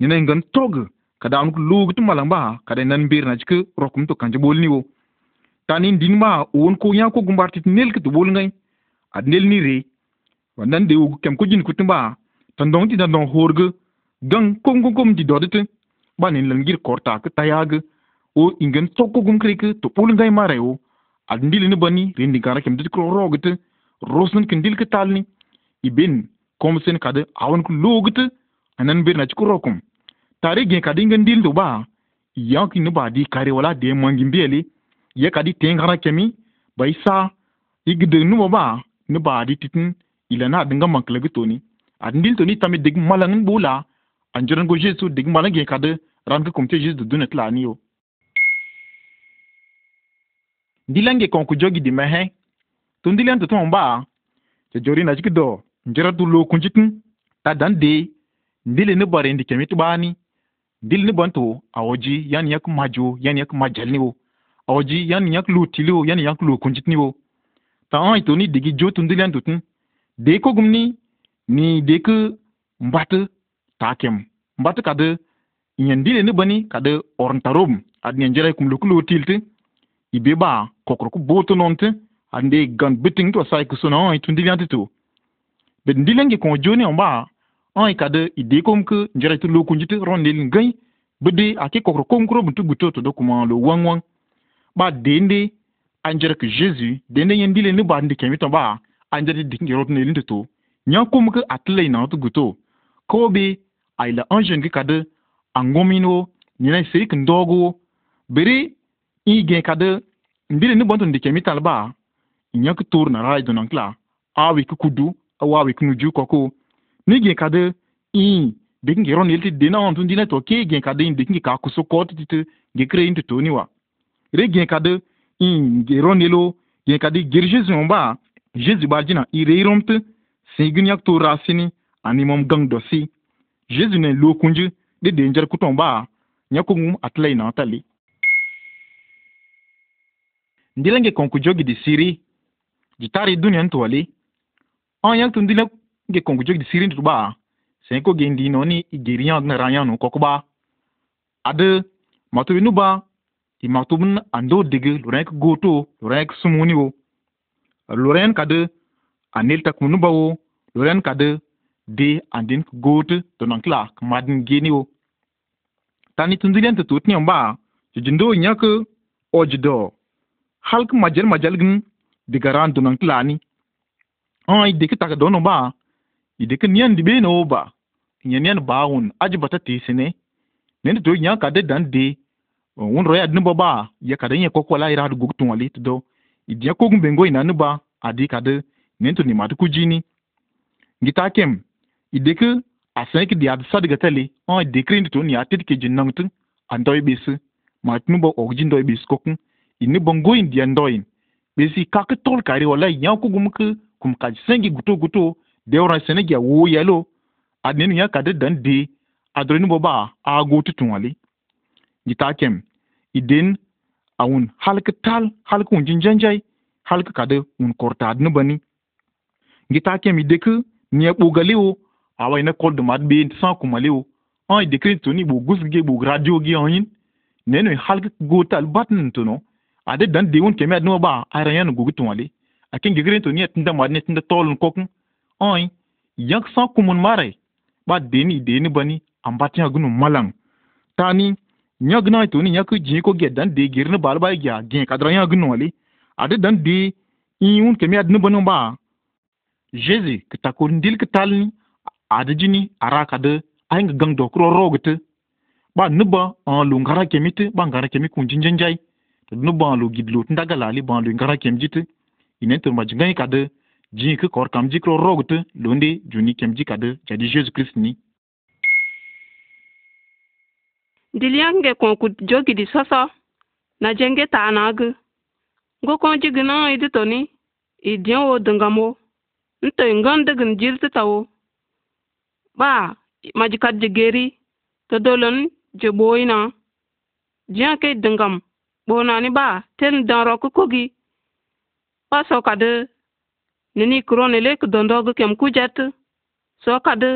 nina ingan tog. Kada anuk lug tu malamba kada nan bir na jikro rokum tu bol ni wo. Tanin din ma uon ko nya ko gumbartit nel kitu bolngai. Ad nel ni re. Wannan de ugu kem kujin kutumba. Tandong ti dandong horge. Gang kom kom kom di dodete. Banin langir kortak tayage. o ingani tokogum kreki to ɓulin gai mara yo ad ndilini bani rin dingara kem dit kro rogit rosnin kin dil kitalni ibin komsen kada awan ku logit anan bir na ciku kum, tare gen kada ingan dil do ba yanki ni ba di kare wala de mangi mbele ye kadi tengara kemi ba isa igde nu ba ni ba di titin ilana dinga mankle gitoni ad ndil to ni tamit dig malangin bula anjuran go jesu dig malangi kada ran ko kumte jesu dunat la niyo ndilange konku jogi di mehe tu ndilan tu tuomba te jori na jiki do njira tu lo kunjikin ta dan de ndili ni bari ndi kemi tu bani ndili ni bantu awoji yani yak majo yani yak majalni wo awoji yani yak lo tili wo yani yak lo kunjitni wo ta an ito ni digi jo tu ndilan tu tun de ko gumni ni de ku mbatu ta kem mbatu kadu nyen ndili ni bani kadu orntarum ad nyen jira kum lo kulo tilti ibe ba kokor ku boto nonte ande gan biting to sai ku sono ai tundi vianti tu bet ndilengi kon joni on ba ai kade ide kom ke njere tu lo kunjiti rondel ngai bede ake kokor kom kro buntu buto to dokuma lo wang wang ba dende anjere ke jesus dende yen ndile ni ba ndi kemi to ba anjere dingi rotne linde to nya kom ke atle na to guto kobe ai la anjen ke kade angomino nyina sey kendogo bere igen kade mbili ni bonto ndike mital ba nyak tur na rai donan kla awi ku kudu awawi ku nuju koko ni gen kade i de ngi ron yelti de na on tun dina to ke gen kade de ngi ka kuso ko ti ti ge kre intu to ni wa re gen kade i ngi ron yelo gen kade ger jesu on ba jesu ba jina i re romte sigun yak tur rasini ani mom gang dosi jesu ne lo kunju de danger kuton ba nyakum atlay na tali ndilange konku jogi di siri di tari dunia ntu wali on yang tun ndilange konku jogi di siri ntu ba sen ko gen di noni igeri yang na ranyan no kokuba ade matubi nu ba i matubun ando dege lorenk goto lorenk sumuni wo loren kade anel takunu ba wo loren kade de andin gote donankla kmadin geni wo tani tundulen tutu tnyamba jindo nyaka ojdo halk majal majal gin diga ran dunan klani on ide ki taka dono ba ide ki di dibe no ba nya ba baun aji bata ti sene ne to nya ka de dan de un roya dun ba ya ka de nya kokola ira du gutun wali to do ide ko gumbe ngo ina ba adi ka de to ni madu kujini ngita kem ide ki a ki di adsa diga tele on ide ki ndi to ni atit ke jinnang tu andoy bis ma tnuba ogjin doy bis kokun ini bongo india ndoin besi kaki tol kari wala yan ku gum ku kum ka sengi guto guto de ora sene ya wo yelo adnenu ya kade dan de adrenu boba ago tutun wali gita kem idin awun halka tal halka un jinjanjai halka kade un korta adnu bani gita kem ideku ni epogalewo awa na kol dumat be san kumalewo an idekri toni bo gusge bo radio gi onin nenu halka gotal batn tono ade dan de won kemi adno ba arayan gugu tonwali akin gigrin to niet nda madne tinda tolun kokun oy yak sa kumun mare ba deni deni bani ambati agunu malang tani nyagna to ni yak ji ko ge dan de girna bal ba e gya ge kadran agunu wali ade dan de iun kemi adno banu ba jezi kita ko ndil kitalni ade jini araka de ainga gang dokro rogte ba nuba an lungara kemite ba ngara kemi kunjinjenjai no banlo gidlo ndaga lali banlo ngara jite ine to ngai kade ji ke kor ji kro rogt londe juni kemji kade jadi jesus christ ni diliange ku jogi di soso na jenge ta nag ngo ji gna idi ni idien wo dengamo nto gun jil ta tawo ba majikat jegeri todolon jeboina jiake dengam kpunani ba teni dõrɔ kukogi wa sokadi nini kurone le kudondogi kem kujati sokadi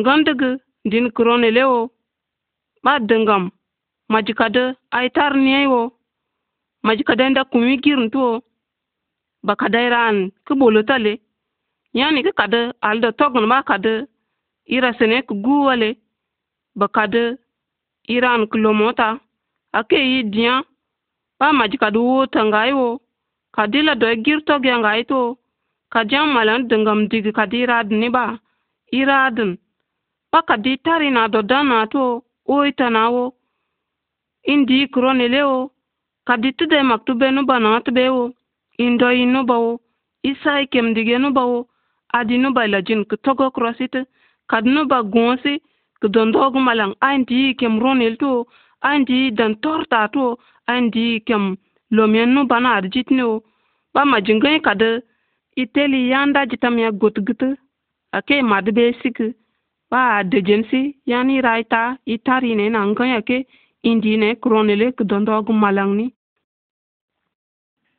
ngondigi din kurone le wo ba dingam majikadi aitar niyai wo majikadainda kumi girinti wo bakadairan ki bolota le yani ki kadi aldo togun ba kadi irasene ki guwa le bakadi iran ki lomota ake yi diyan pamajika duwuta ngayiwo kadila do girtoge ngayito kajan malan dingam digi kadi iradin iba iradin pa kadi na do danato uitanawo indi kuronilewo kadi tude maktube nuba natibewo indoyi nubawo isai kemdige wo adi nuba ilajin ki togo kurositi kadi nuba guŋosi ki dondogu malan a indi yi kemronil to a indi yi dantorta to andi kem lomienu bana arjit o ba ma majingay kadı iteli yanda jitam ya gotgıtı ake madbe sik ba dejensi yani rayta itarine nangay ake indine kronele kdondog malangni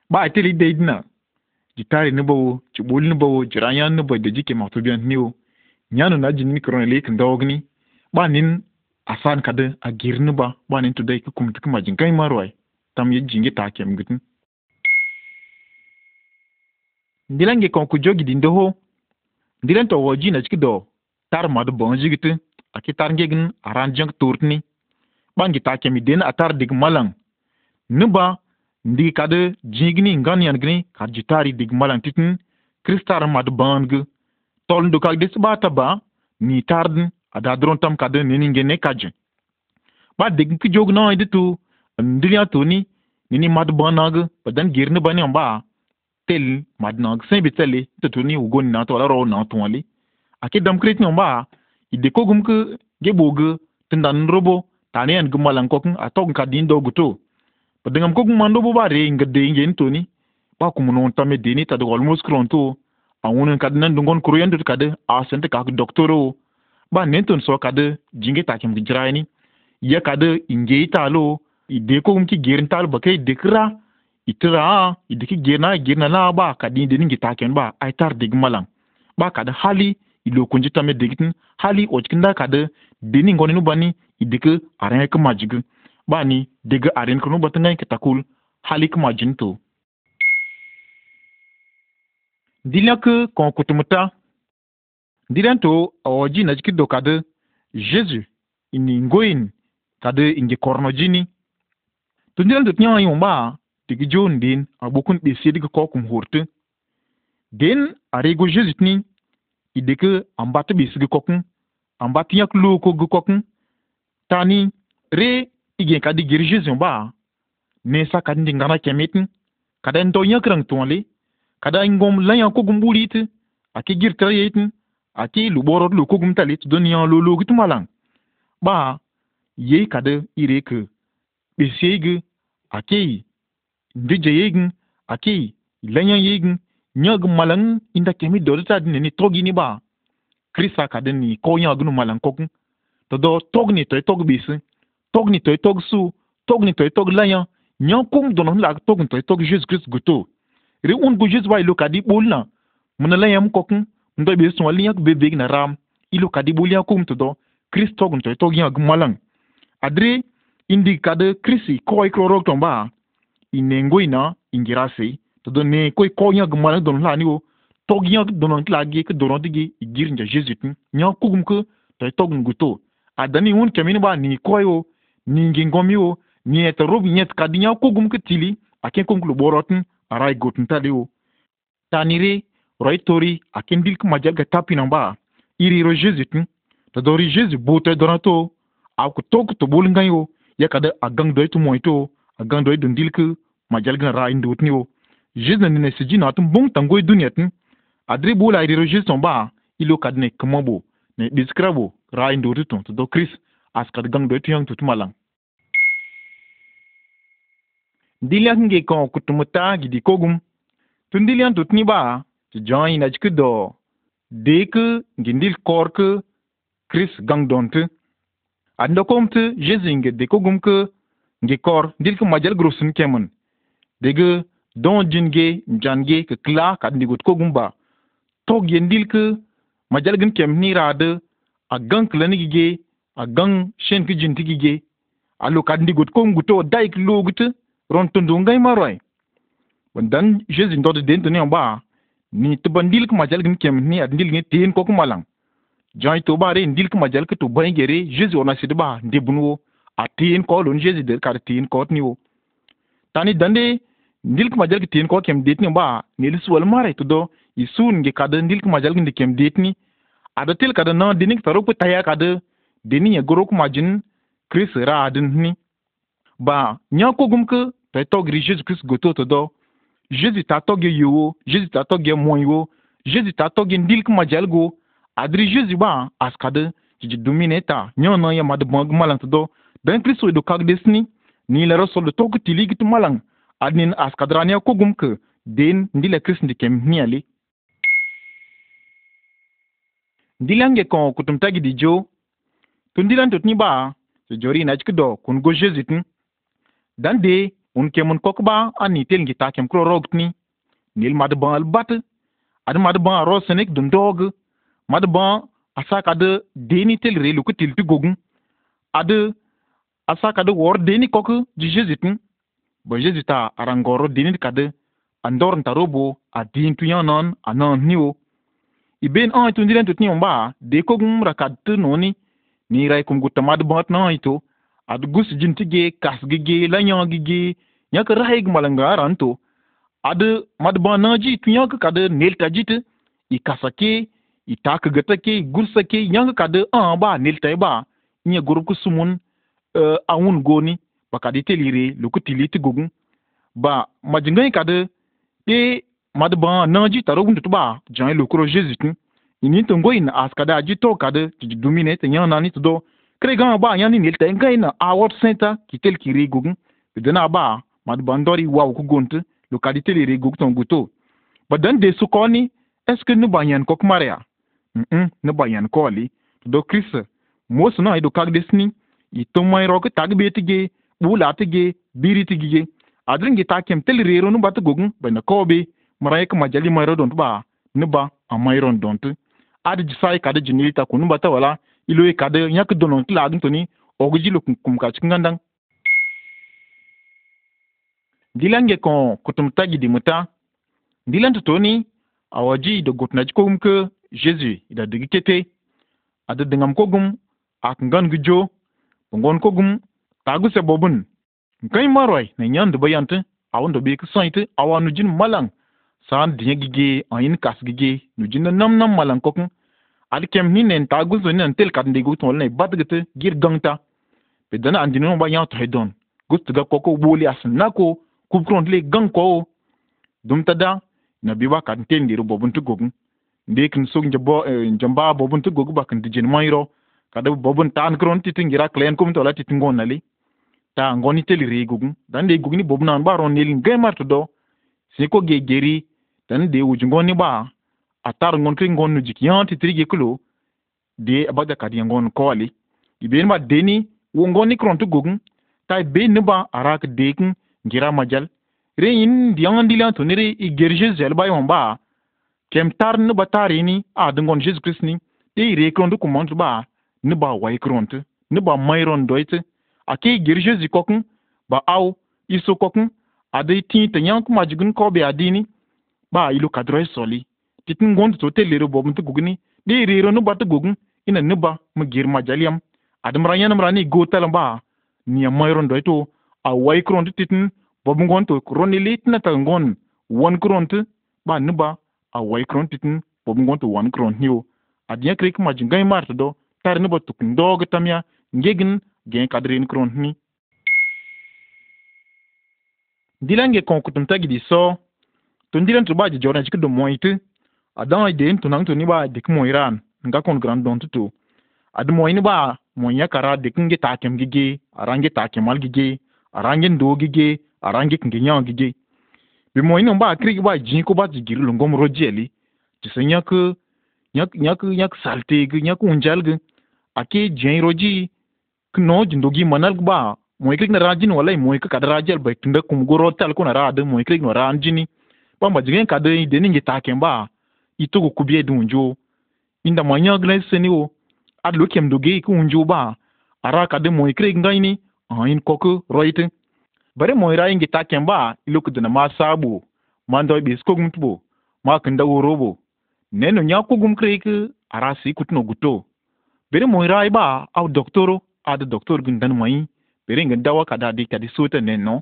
ba iteli deidna jitari ni bawo cibol ni bawo jirayan ni bawo deji ke matubiyan ni o nyanu na jin mikron le kan dawogni ba nin asan kada a girni ba ba nin tudai ka kumta kuma jin kai marwai tam yi jingi ta kem gutin Ndilan kon konku jogi din ndoho, ndilan to woji na chikdo tar madu bon jigit aki tar ngegin aran jang turtni bangi ta kem den atar dig malang nuba ndigi kade jigni ngan yan gni kad jitari dig malang titin madu mad bang tol ndo kag des ta ba ni a da dron tam kade nini ngene kajin ba dig ki jog no iditu Ndili yan ni nini mad banag padan girni bani amba tel mad nag sen bitele tutuni ugon na to laro na to ali ake dam kret nyamba ide ko gum ke ge boge tindan robo tani an gumalan kokun atog kadin do guto padan am kokun mando bo bare ngade ngen tuni ba kuma non tame deni ta dogol mus kronto ya kadnan dungon kuruyan dut kade asente kak doktoro ba nenton so kade jinge takim gijraini ya kade ita italo ideko gum ki gerin tal ba kai dekra itira a idiki gerna gerna na ba kadi de ningi taken ba ai tar dig malan ba kada hali ilo kunji tame digitin hali ojkinda kada deni ngoni nu bani idike aran ka majig ba ni diga aren kunu batanga ki takul hali ka majin to dilak kon kutumuta dilan to awoji na jiki jesu jesus ini ngoyin kada inge kornojini tunjeldet nyawa yõ ba tɩ g joon den a bok n ɓe sɩdg kaookm hortɩ den a rego zezut ni y dɩk a mbat ɓes g kaokẽ a mbat yãk t'a ni re y gẽ ka dɩ ger zezu ba nesa ka dɩ ngana kẽmet kada n tao yãk rãng tõole kada n gõm a ke gir tara a ke lo ɓorod lo kogum tale tɩ dõn yã lo loog tɩ malang ɓa ye kada y akei dije yegin akei lenyan yegin nyagin malan inda kemi dodota dine ni togi ni ba krista ka den ni ko nyaginu malan kokun todo tog ni toy tog bisi tog ni toy tog su tog ni toy tog lenyan nyan kum dono la tog ni toy tog jesus christ goto ri un gu jesus wa ilo di bolna mun lenyan mu kokun ndo be sun wali yak bebeg na ram ilo di bolya kum todo krist tog ni toy tog nyagin malan Adri! indi indicado krisi koi kloro tomba inengoi na ingirase todo ne koi ko nya gmana don la niwo tog nya don la gi ke don digi igir nja jesu tin nya kugum ke to tog nguto adani un kemin ba ni koi o ni ngingomi o ni et rob nyet kadinya kugum ke tili aken konklu borotin arai gotin tali o tanire roi tori aken dilk majal ga tapina ba iri ro jesu tin to dori jesu bote donato aku tok to bolingan yo yakada agang doi tu moito agang doi dun dilku majal gan ra indu tni o jiz na ne siji na tum bong tangoi dunia tin adri bo la riro jiz ton ba ilo kad ne kama kmobo ne diskrabo ra indu tu ton do chris as kad gang doi tu yang tu malang diliak nge kon kutumuta gidi kogum tun dilian tu tni ba ti jan ina jikdo dek gindil kork chris gang donte Ando komte jezinge de kogumke ngi kor ndil ke majal grusun kemen. Dege don jinge jange ke kla kad ndigot ba Tog ye ndil ke majal gen kem ni rade a gang klanigige a gang shen ke jintigige. Alo kad ndigot konguto daik logute ron tundu ngay maroy. Wandan ndo dode den tuni amba ni tibandil ke majal gen kem ni ad ndil ko ten kokumalang. Join tobare ndil kuma jal kutu bain gere Jésus ona sidba de bunwo. A tin ko lon Jésus de kar tin ko niwo. Tani dande ndil kuma jal tin ko kem ni ba nil suwal mare to do isun ge kada ndil kuma jal ndi kem detni. Ada tel kada na dinik taro ku taya kada deni ya goro kuma jin kris ra adin ni. Ba nya ko gumke pe to gri Jésus Christ goto to do. Jésus ta to ge yo, jesu ta to ge moyo, jesu ta to ge ndil kuma jal go. adri jésus ba askade dzidzi dumine ta nyɔnu ya madu bɔn gumalan tɔdɔ bɛn kristu edo kag desini ni lɛrɛ sɔlɔ tɔku tili gitu malan adin askadrania kogum ke den ndila kristu ndi kem hiale ndilange kõ kutumtagi di jo tu ndilan totni ba ti jori na jiki dɔ kun go jésus tin dan de un kemun kɔk ba a ni tel ngi ta kem kurorog tini nil madu bɔn albati adi madu bɔn a rɔ senek dundɔɔgi madu bõ asa kadu deni tel re luku til ti gogun adu asa kadu wor deni koku ji jésus tun bon jésus ta arangoro deni kadu andor ntarobo adin tu yon non anon niwo iben an tu ndilen tutni omba de kogun rakad tu noni ni rai kum gutta madu bont non ito adu gus jintige kas gige la nyon gige nyak rahay gmalanga aranto adu madu bon nanji tu nyak kadu nelta jit ikasake ita ta kegete ke i gurse ke i nyange kade an ah, ba nel ta ba nye goro ku sumun uh, eh, awun goni ba kade telire loku tili ti gugun ba majingan kade e mad ban nanji taro gundu ba jan e lokuro jesus tin ini to ngoi na askada aji to kade ti dumine te nyan nani to do kre gan ba yan ni nel ta ngai na award center ki tel ki re gugun bedena ba mad ban dori wa ku gontu lokadi telire gugun ton guto ba dan de su koni est ce que nous banyan kokmaria Nhã, ne ba yan ko ali, do Krista, mo sna ai do kag desni, i to mai ro ke tag beti ge, la ge, biri ti ge. Adrin ge ta kem tel rero nu ba gogun, ba na ko be, mara ek mai ba, ne ba a mai rodon don te. Adi ji sai jinita de jinili ta wala, ilo e ka nyak donon la dun ogji lo kum ka gandan. dilange kon kutum tagi muta, dilan toni, awaji do gotnaji ko Jésus da digi kete ada dingam kogum akan gujo bungon kogum tagu se bobun kai marwai na nyan da bayanta awon da bai kusan ita awa nujin malang saan dinya gige ayin kas gige nujin na nam nam malang kokun alkem ni nen tagu zo ni nan tel kat ndegu ton lai bat gete gir gangta pe dana andinu ba yan to don gustu ga koko boli asin nako kubkron le gaŋ ko dum tada na biwa kan ten diru bobun tu gogun ndikin suk njabo eh, njamba bobun tu gogu bakin tu jin moiro kada bobun tan kron ti tingira klen kum to lati tingon nali ta ngoni teli ri gugun dan de gugni bobun an baron nil ngai martu do si ko ge geri dan de wuj ngoni ba atar ngon kri ngon nu jikiyan ti trige kulo de abada kadi ngon ko ali iben ma deni wo ngoni kron tu gugun ta be ne ba arak dekin ngira majal re in diyan dilan to niri igerje zelba yon ba Ke ba tari ni a dengon ngon Jesu Krist ni ɗe yi reekɨrondɨ kumon tɨɓa nɨ ɓa waykɨrontǝ nɨ ɓa mairondɔitǝ ake gir Jezu kokɨŋ ɓa aw i so kokɨŋ adɨ tiĩ tǝ nyaŋ kumajigɨn koɓe adini ɓa ilu kadroy soli titin gontɨ tsote lero bobin tɨ gogɨni ɗe yi rero nɨɓa tɨ gogɨŋ ina ba mɨ gir majaliyam adɨ mɨ ra yanǝ mɨ ra ni go talǝ mɓa niya mairondoyto a waykɨrontɨ titin bobi gonto ronili tina taka ngon wonkɨrontǝ ba nɨɓa awai kron titin bobu to wan kron hiu adinya krek kuma jingai marto do tar ni botuk ndog tamya ngegin gen kadrin kron ni dilange kon kutum tagi di so ton dilan tu baji jorna chik do moiti adan ide en tunang tu ni ba dik Iran, nga kon grand don tu ad ni ba monya kara dik ngi takem ta kemal takemal gigi arangi ndo gigi arangi ngi nyaw gige. bi mo ino ba akri ba jin ko ba jigir lo ngom rojeli ti se nyak nyak nyak nyak salte g nyak unjal g ake jin roji kno jindogi manal ba mo ikrik na rajin wala mo ikrik kada rajal ba tunda kum goro tal ko na rada mo ikrik no ranjini ba ma jigen kada de ninge taken ba itugo kubie dunjo inda manya glen seniwo adlo kem doge ku unjo ba ara kada mo ikrik ngaini ain koku roite bari mo ira gita taken ba iluku dana ma sabu mando bi skogum tubo ma kinda ne neno nya ara si arasi kutno guto bari mo ira ba au doktoro ada doktor dan mai bari ngi dawa kada di sota ne no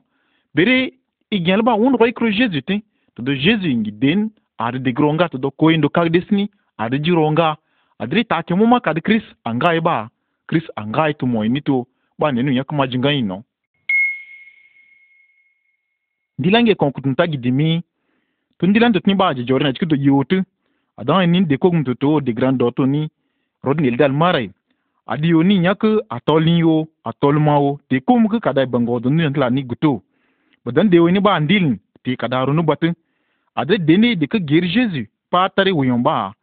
bari igel ba un roi cro jesu te to do jesu ingi den ada de gronga to do koindo kagdesni ada jironga adri ke mu ma de kris angai ba chris angai tu to ba neno nya kuma jinga no ndilange ta tagi dimi tu ndilande tu ni ba jijori na cikido yiwutu adan ni de kogum tu to de grand doto ni rodin el dal mare adi yo ni nyak atolin yo atolma yo de kum ke kada bango do ni ntla ni guto badan de ni ba ndil ti kada runu batu ade de ni de ke gir jesus pa tare wiyon ba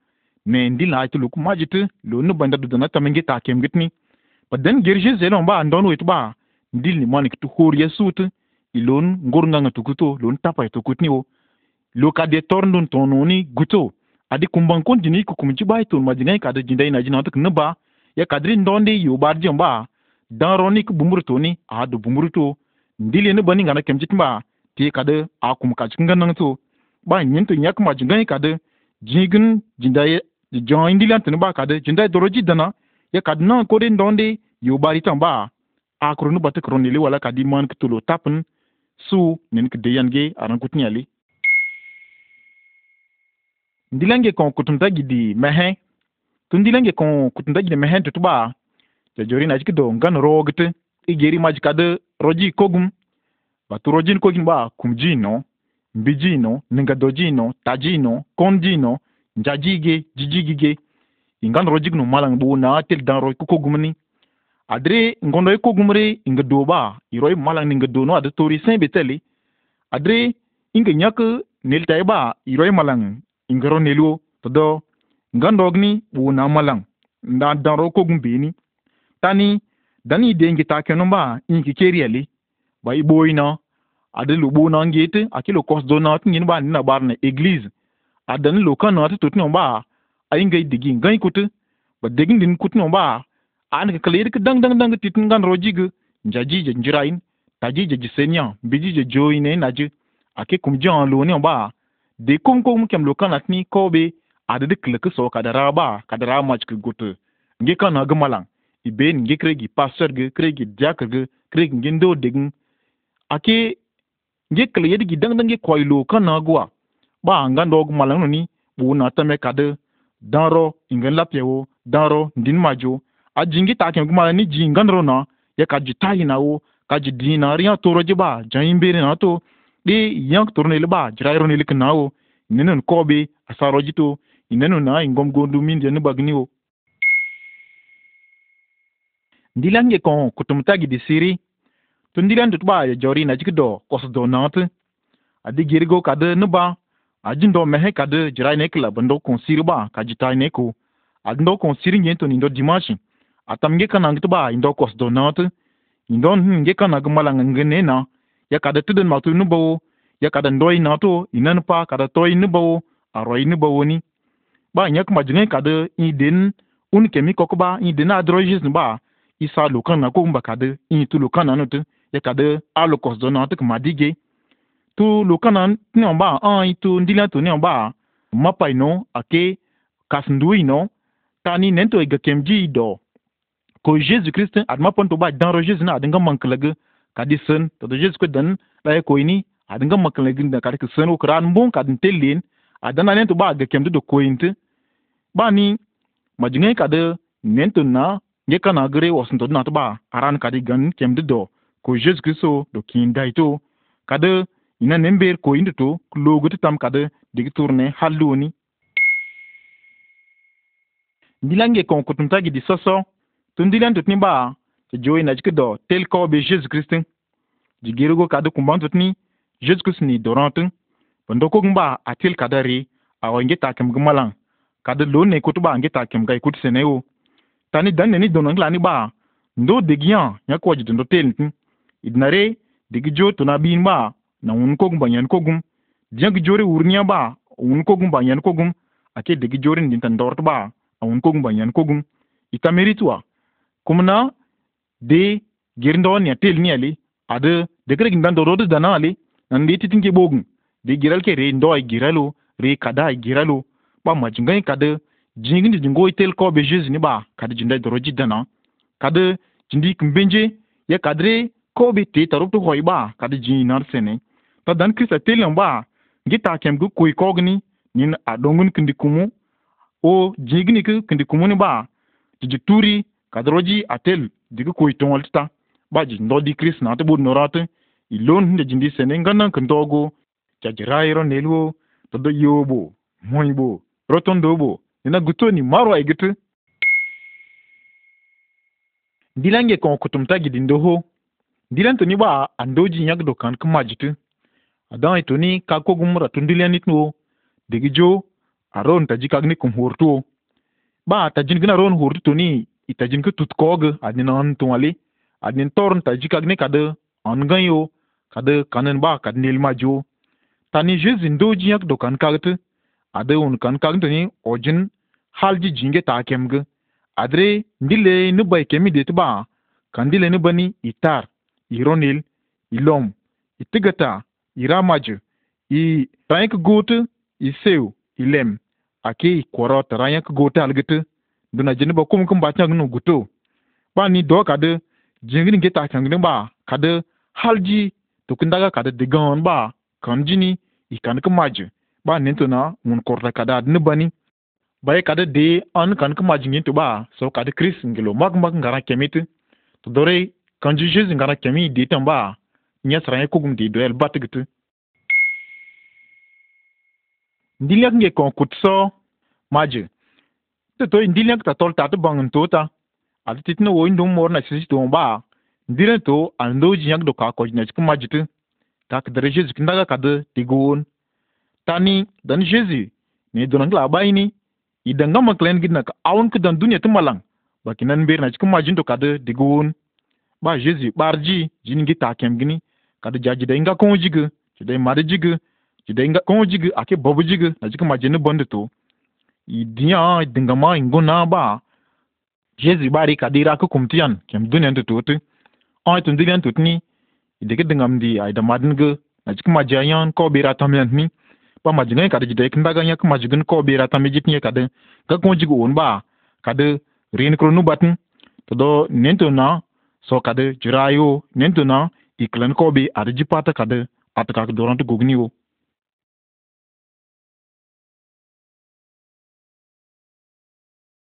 ne ndil ha ti lu kuma jitu lo nu banda do na tamenge ta kem gitni badan gir jesus elon ba ndon wit ba ndil ni manik tu hor yesu tu i lon ngornganga tu lon tapa tu kutni o lo ka de tono tononi guto adi kumban kon jini ku kumji bai ton madinai ka da jindai na jina tak naba ya kadri de yo bar jomba dan roni ku bumur to ni adu bumur to ndile ne bani ngana kem mba ti kada a akum ka cingan nang to ba nyin to nyak ma jindai kada jigin jindai join dilan tan ba kada jindai doroji dana ya kadna ko de ndonde yo bari tan ba akronu batak ronile wala kadi man ku tapen su nin ki deyan ge aran kutnyali ndilange kon kutumta gidi mehen tundilange kon kutumta gidi mehen tutuba jajori na jikido ngan rogte igeri majikade roji kogum batu rojin kogin ba kumjino mbijino ningadojino tajino konjino njajige jijigige ingan rojignu malang bu na tel dan roj kukogumni adre ngondo e kogumre inga doba iroi malang ninga dono adre tori sen beteli adre inga nyak nel taiba iroi malang inga ro nelu todo ngandogni wu na malang nda danro kogum beni tani dani de ingi ta kenumba ingi keriali ba iboina lu bu na ngete akilo kosdo na tingin ba nina barna eglise adani lokana tutno ba ainga digi ngai kutu ba degin din kutno ba an ka kalir ke dang dang dang titin gan roji ge jaji je njirain taji je jisenya biji je joine ji ake kumje an lo ne ba de kom kom kem lo kan atni kobe adede kleke so kadara ba kadara mach ke gutu nge kan ha gemalang ibe nge kregi pastor ge kregi diakr ge kregi nge ndo degen ake nge kle yedi gi dang dang ge koy lo kan na gwa ba ngan dog malang no ni bu na ka de danro ingen lapyewo danro ndin majo azingi ta ngu ma ni ji nga na ya ka ji tahi na wo ka ji di na riya ya toro ji ba jan yin bere na to de yang toro ne le ba jira ro ne le na wo ne ne ko be asaro ji to ne no na ingom gondu min de ne bagni wo ndilange kon kutumtagi di siri tun ndilan tut ba ya jori na jikdo kos do nat adi ka kada ne ba ajin do ka kada jirai ne kla bando kon siri ba ka ji tayi ne ko a adindo kon siri nyen to nindo dimanche Atame ekana agny ty ba indao Corse donante indao ngekana gny malagnangenena iah ka da todiny matoy nubawo iah ka da ndao hinato hinanpa ka da atao nubawo aro ni ba niaky madiniky ka da iny deni uniky ami koky ba iny deni adroy izy ba isa lokana koa omba ka da iny tu lokanany to iah ka da alo Corse donante ka madigy e tu lokana tena mba agny tu ndila tena mba mapa hinao ake kasin-doha hinao ka ninento egaky amindry i do ko jesus christ adama pon to ba dan ro jesus na adinga ka di sen to do jesus ko dan dai ko ini adinga mankalaga ka di sen ko ran bon kadin tellen adana nen to ba ga kemdu do kointe ba ni majinga nen nento na nge kana gre to na to ba aran ka di gan kem do ko jesus christ do kin dai to kada ina nember ko inde to logoto tam kada digi tourne halloni ndilange kon kotumtagi di soso tundilian totini ba joyi na jiki do tel ko be jésus christ jigirigo kadu kumban totini jésus christ ni doron bando ko gumba atil kadari awo ngi takem gumalan kadu lo ne kutuba ngi takem ga ikut senewo tani dan ni donon la ba ndo degian nya ko jidu ndo tel tin idnare digi jo tona bin ba na un ko gumba nyan ko gum diang jore urnia ba un ko gumba nyan ko gum ake digi tan dort ba un ko gumba nyan ko gum ita meritua kumna de girndon ya tel ni ali ade de kre gindan do rodu dana ali nan de titin ke bogun de giral ke re ndo ay giralo re kada ay giralo ba ma jingai kada jingin jingo tel ko be jesus ni ba kada jindai do roji dana kada jindi kumbenje ya kadre ko be te tarup to hoy ba kada jinar sene ta dan krista telen ba gita kem gu koy kogni nin adongun kindi kumu o jigni ku kindi kumu ni ba jiji turi kadroji atel digi ko itongol ta ji ndo di kris na te bud norate ilon de jindi sene ngana kendogo jirairo nelwo do yobo moybo bo ina gutoni ay igitu dilange kon kutumta gidi dilan ndilan ni ba andoji do kan jitu adan itoni kakogumra tundilanitno digi jo aron tajikagni kumhortuo ba tajin gina ron hortu toni itadzini ke tutukɔge adini na ani tɔn ale adini tɔrɔ ta dzi kagine ka ɖe anugã yiwo ka ɖe kanani ba ka ɖe nelima dziwo tani jesu ndo dzi yakdo kan kagete ade won kan kagete ni ojin halji jinge ta kemge adre ndile ni bay kemi det ba kan dile ni bani itar ironil ilom itigata iramaju i tank gote i sew ilem ake ikorot ranyak gote algete duna jeni ba kum kum ba chang nu gutu ba ni do ka de jingri ni geta chang ba ka de halji to kinda ga ka de digan ba kan jini i kan ka maj ba ni to na mun kor ta ka da ni bani ba e ka de de an kan ka maj ni to ba so ka de ngi lo mag mag ngara kemit to re kan ji jesus ngara kemi de tan ba nya sra ko kugum de do el bat gitu lek nge kon kutso maj to ndilin ta tol ta bangin to ta ati titin wo ndum mor na sisi to ba ndilin to ando jinyak do ka ko na kuma jitu ta ka dare jesus kin daga kada tigon tani dan jesus ne don ngla ni idan ga maklen gidna ka awon ka dan duniya tumalan bakinan ber na kuma jin to kada tigon ba jesus barji jin gi ta kem gini kada jaji da inga kon jigu jidai mari jigu jidai inga kon jigu ake babu jigu na kuma jini bondu to Idiya dinga ma idingama ingona ba Jésus ɓari kadi ra kukum tiyan kem duniyan tu tutu ɔn tu duniyan tutuni ideki dingam di ai damadin ge ga kuma jia yan ko bera tamiyan ni ba majingan kadi jidai kinda ga yan kuma jigin ko bera tami jitin ye kadi ga kuma jigu on ba kadi rin kro nu batin to do nento na so kadi jirayo nento na iklan ko be adi jipata kadi atakak doran tu gogni yo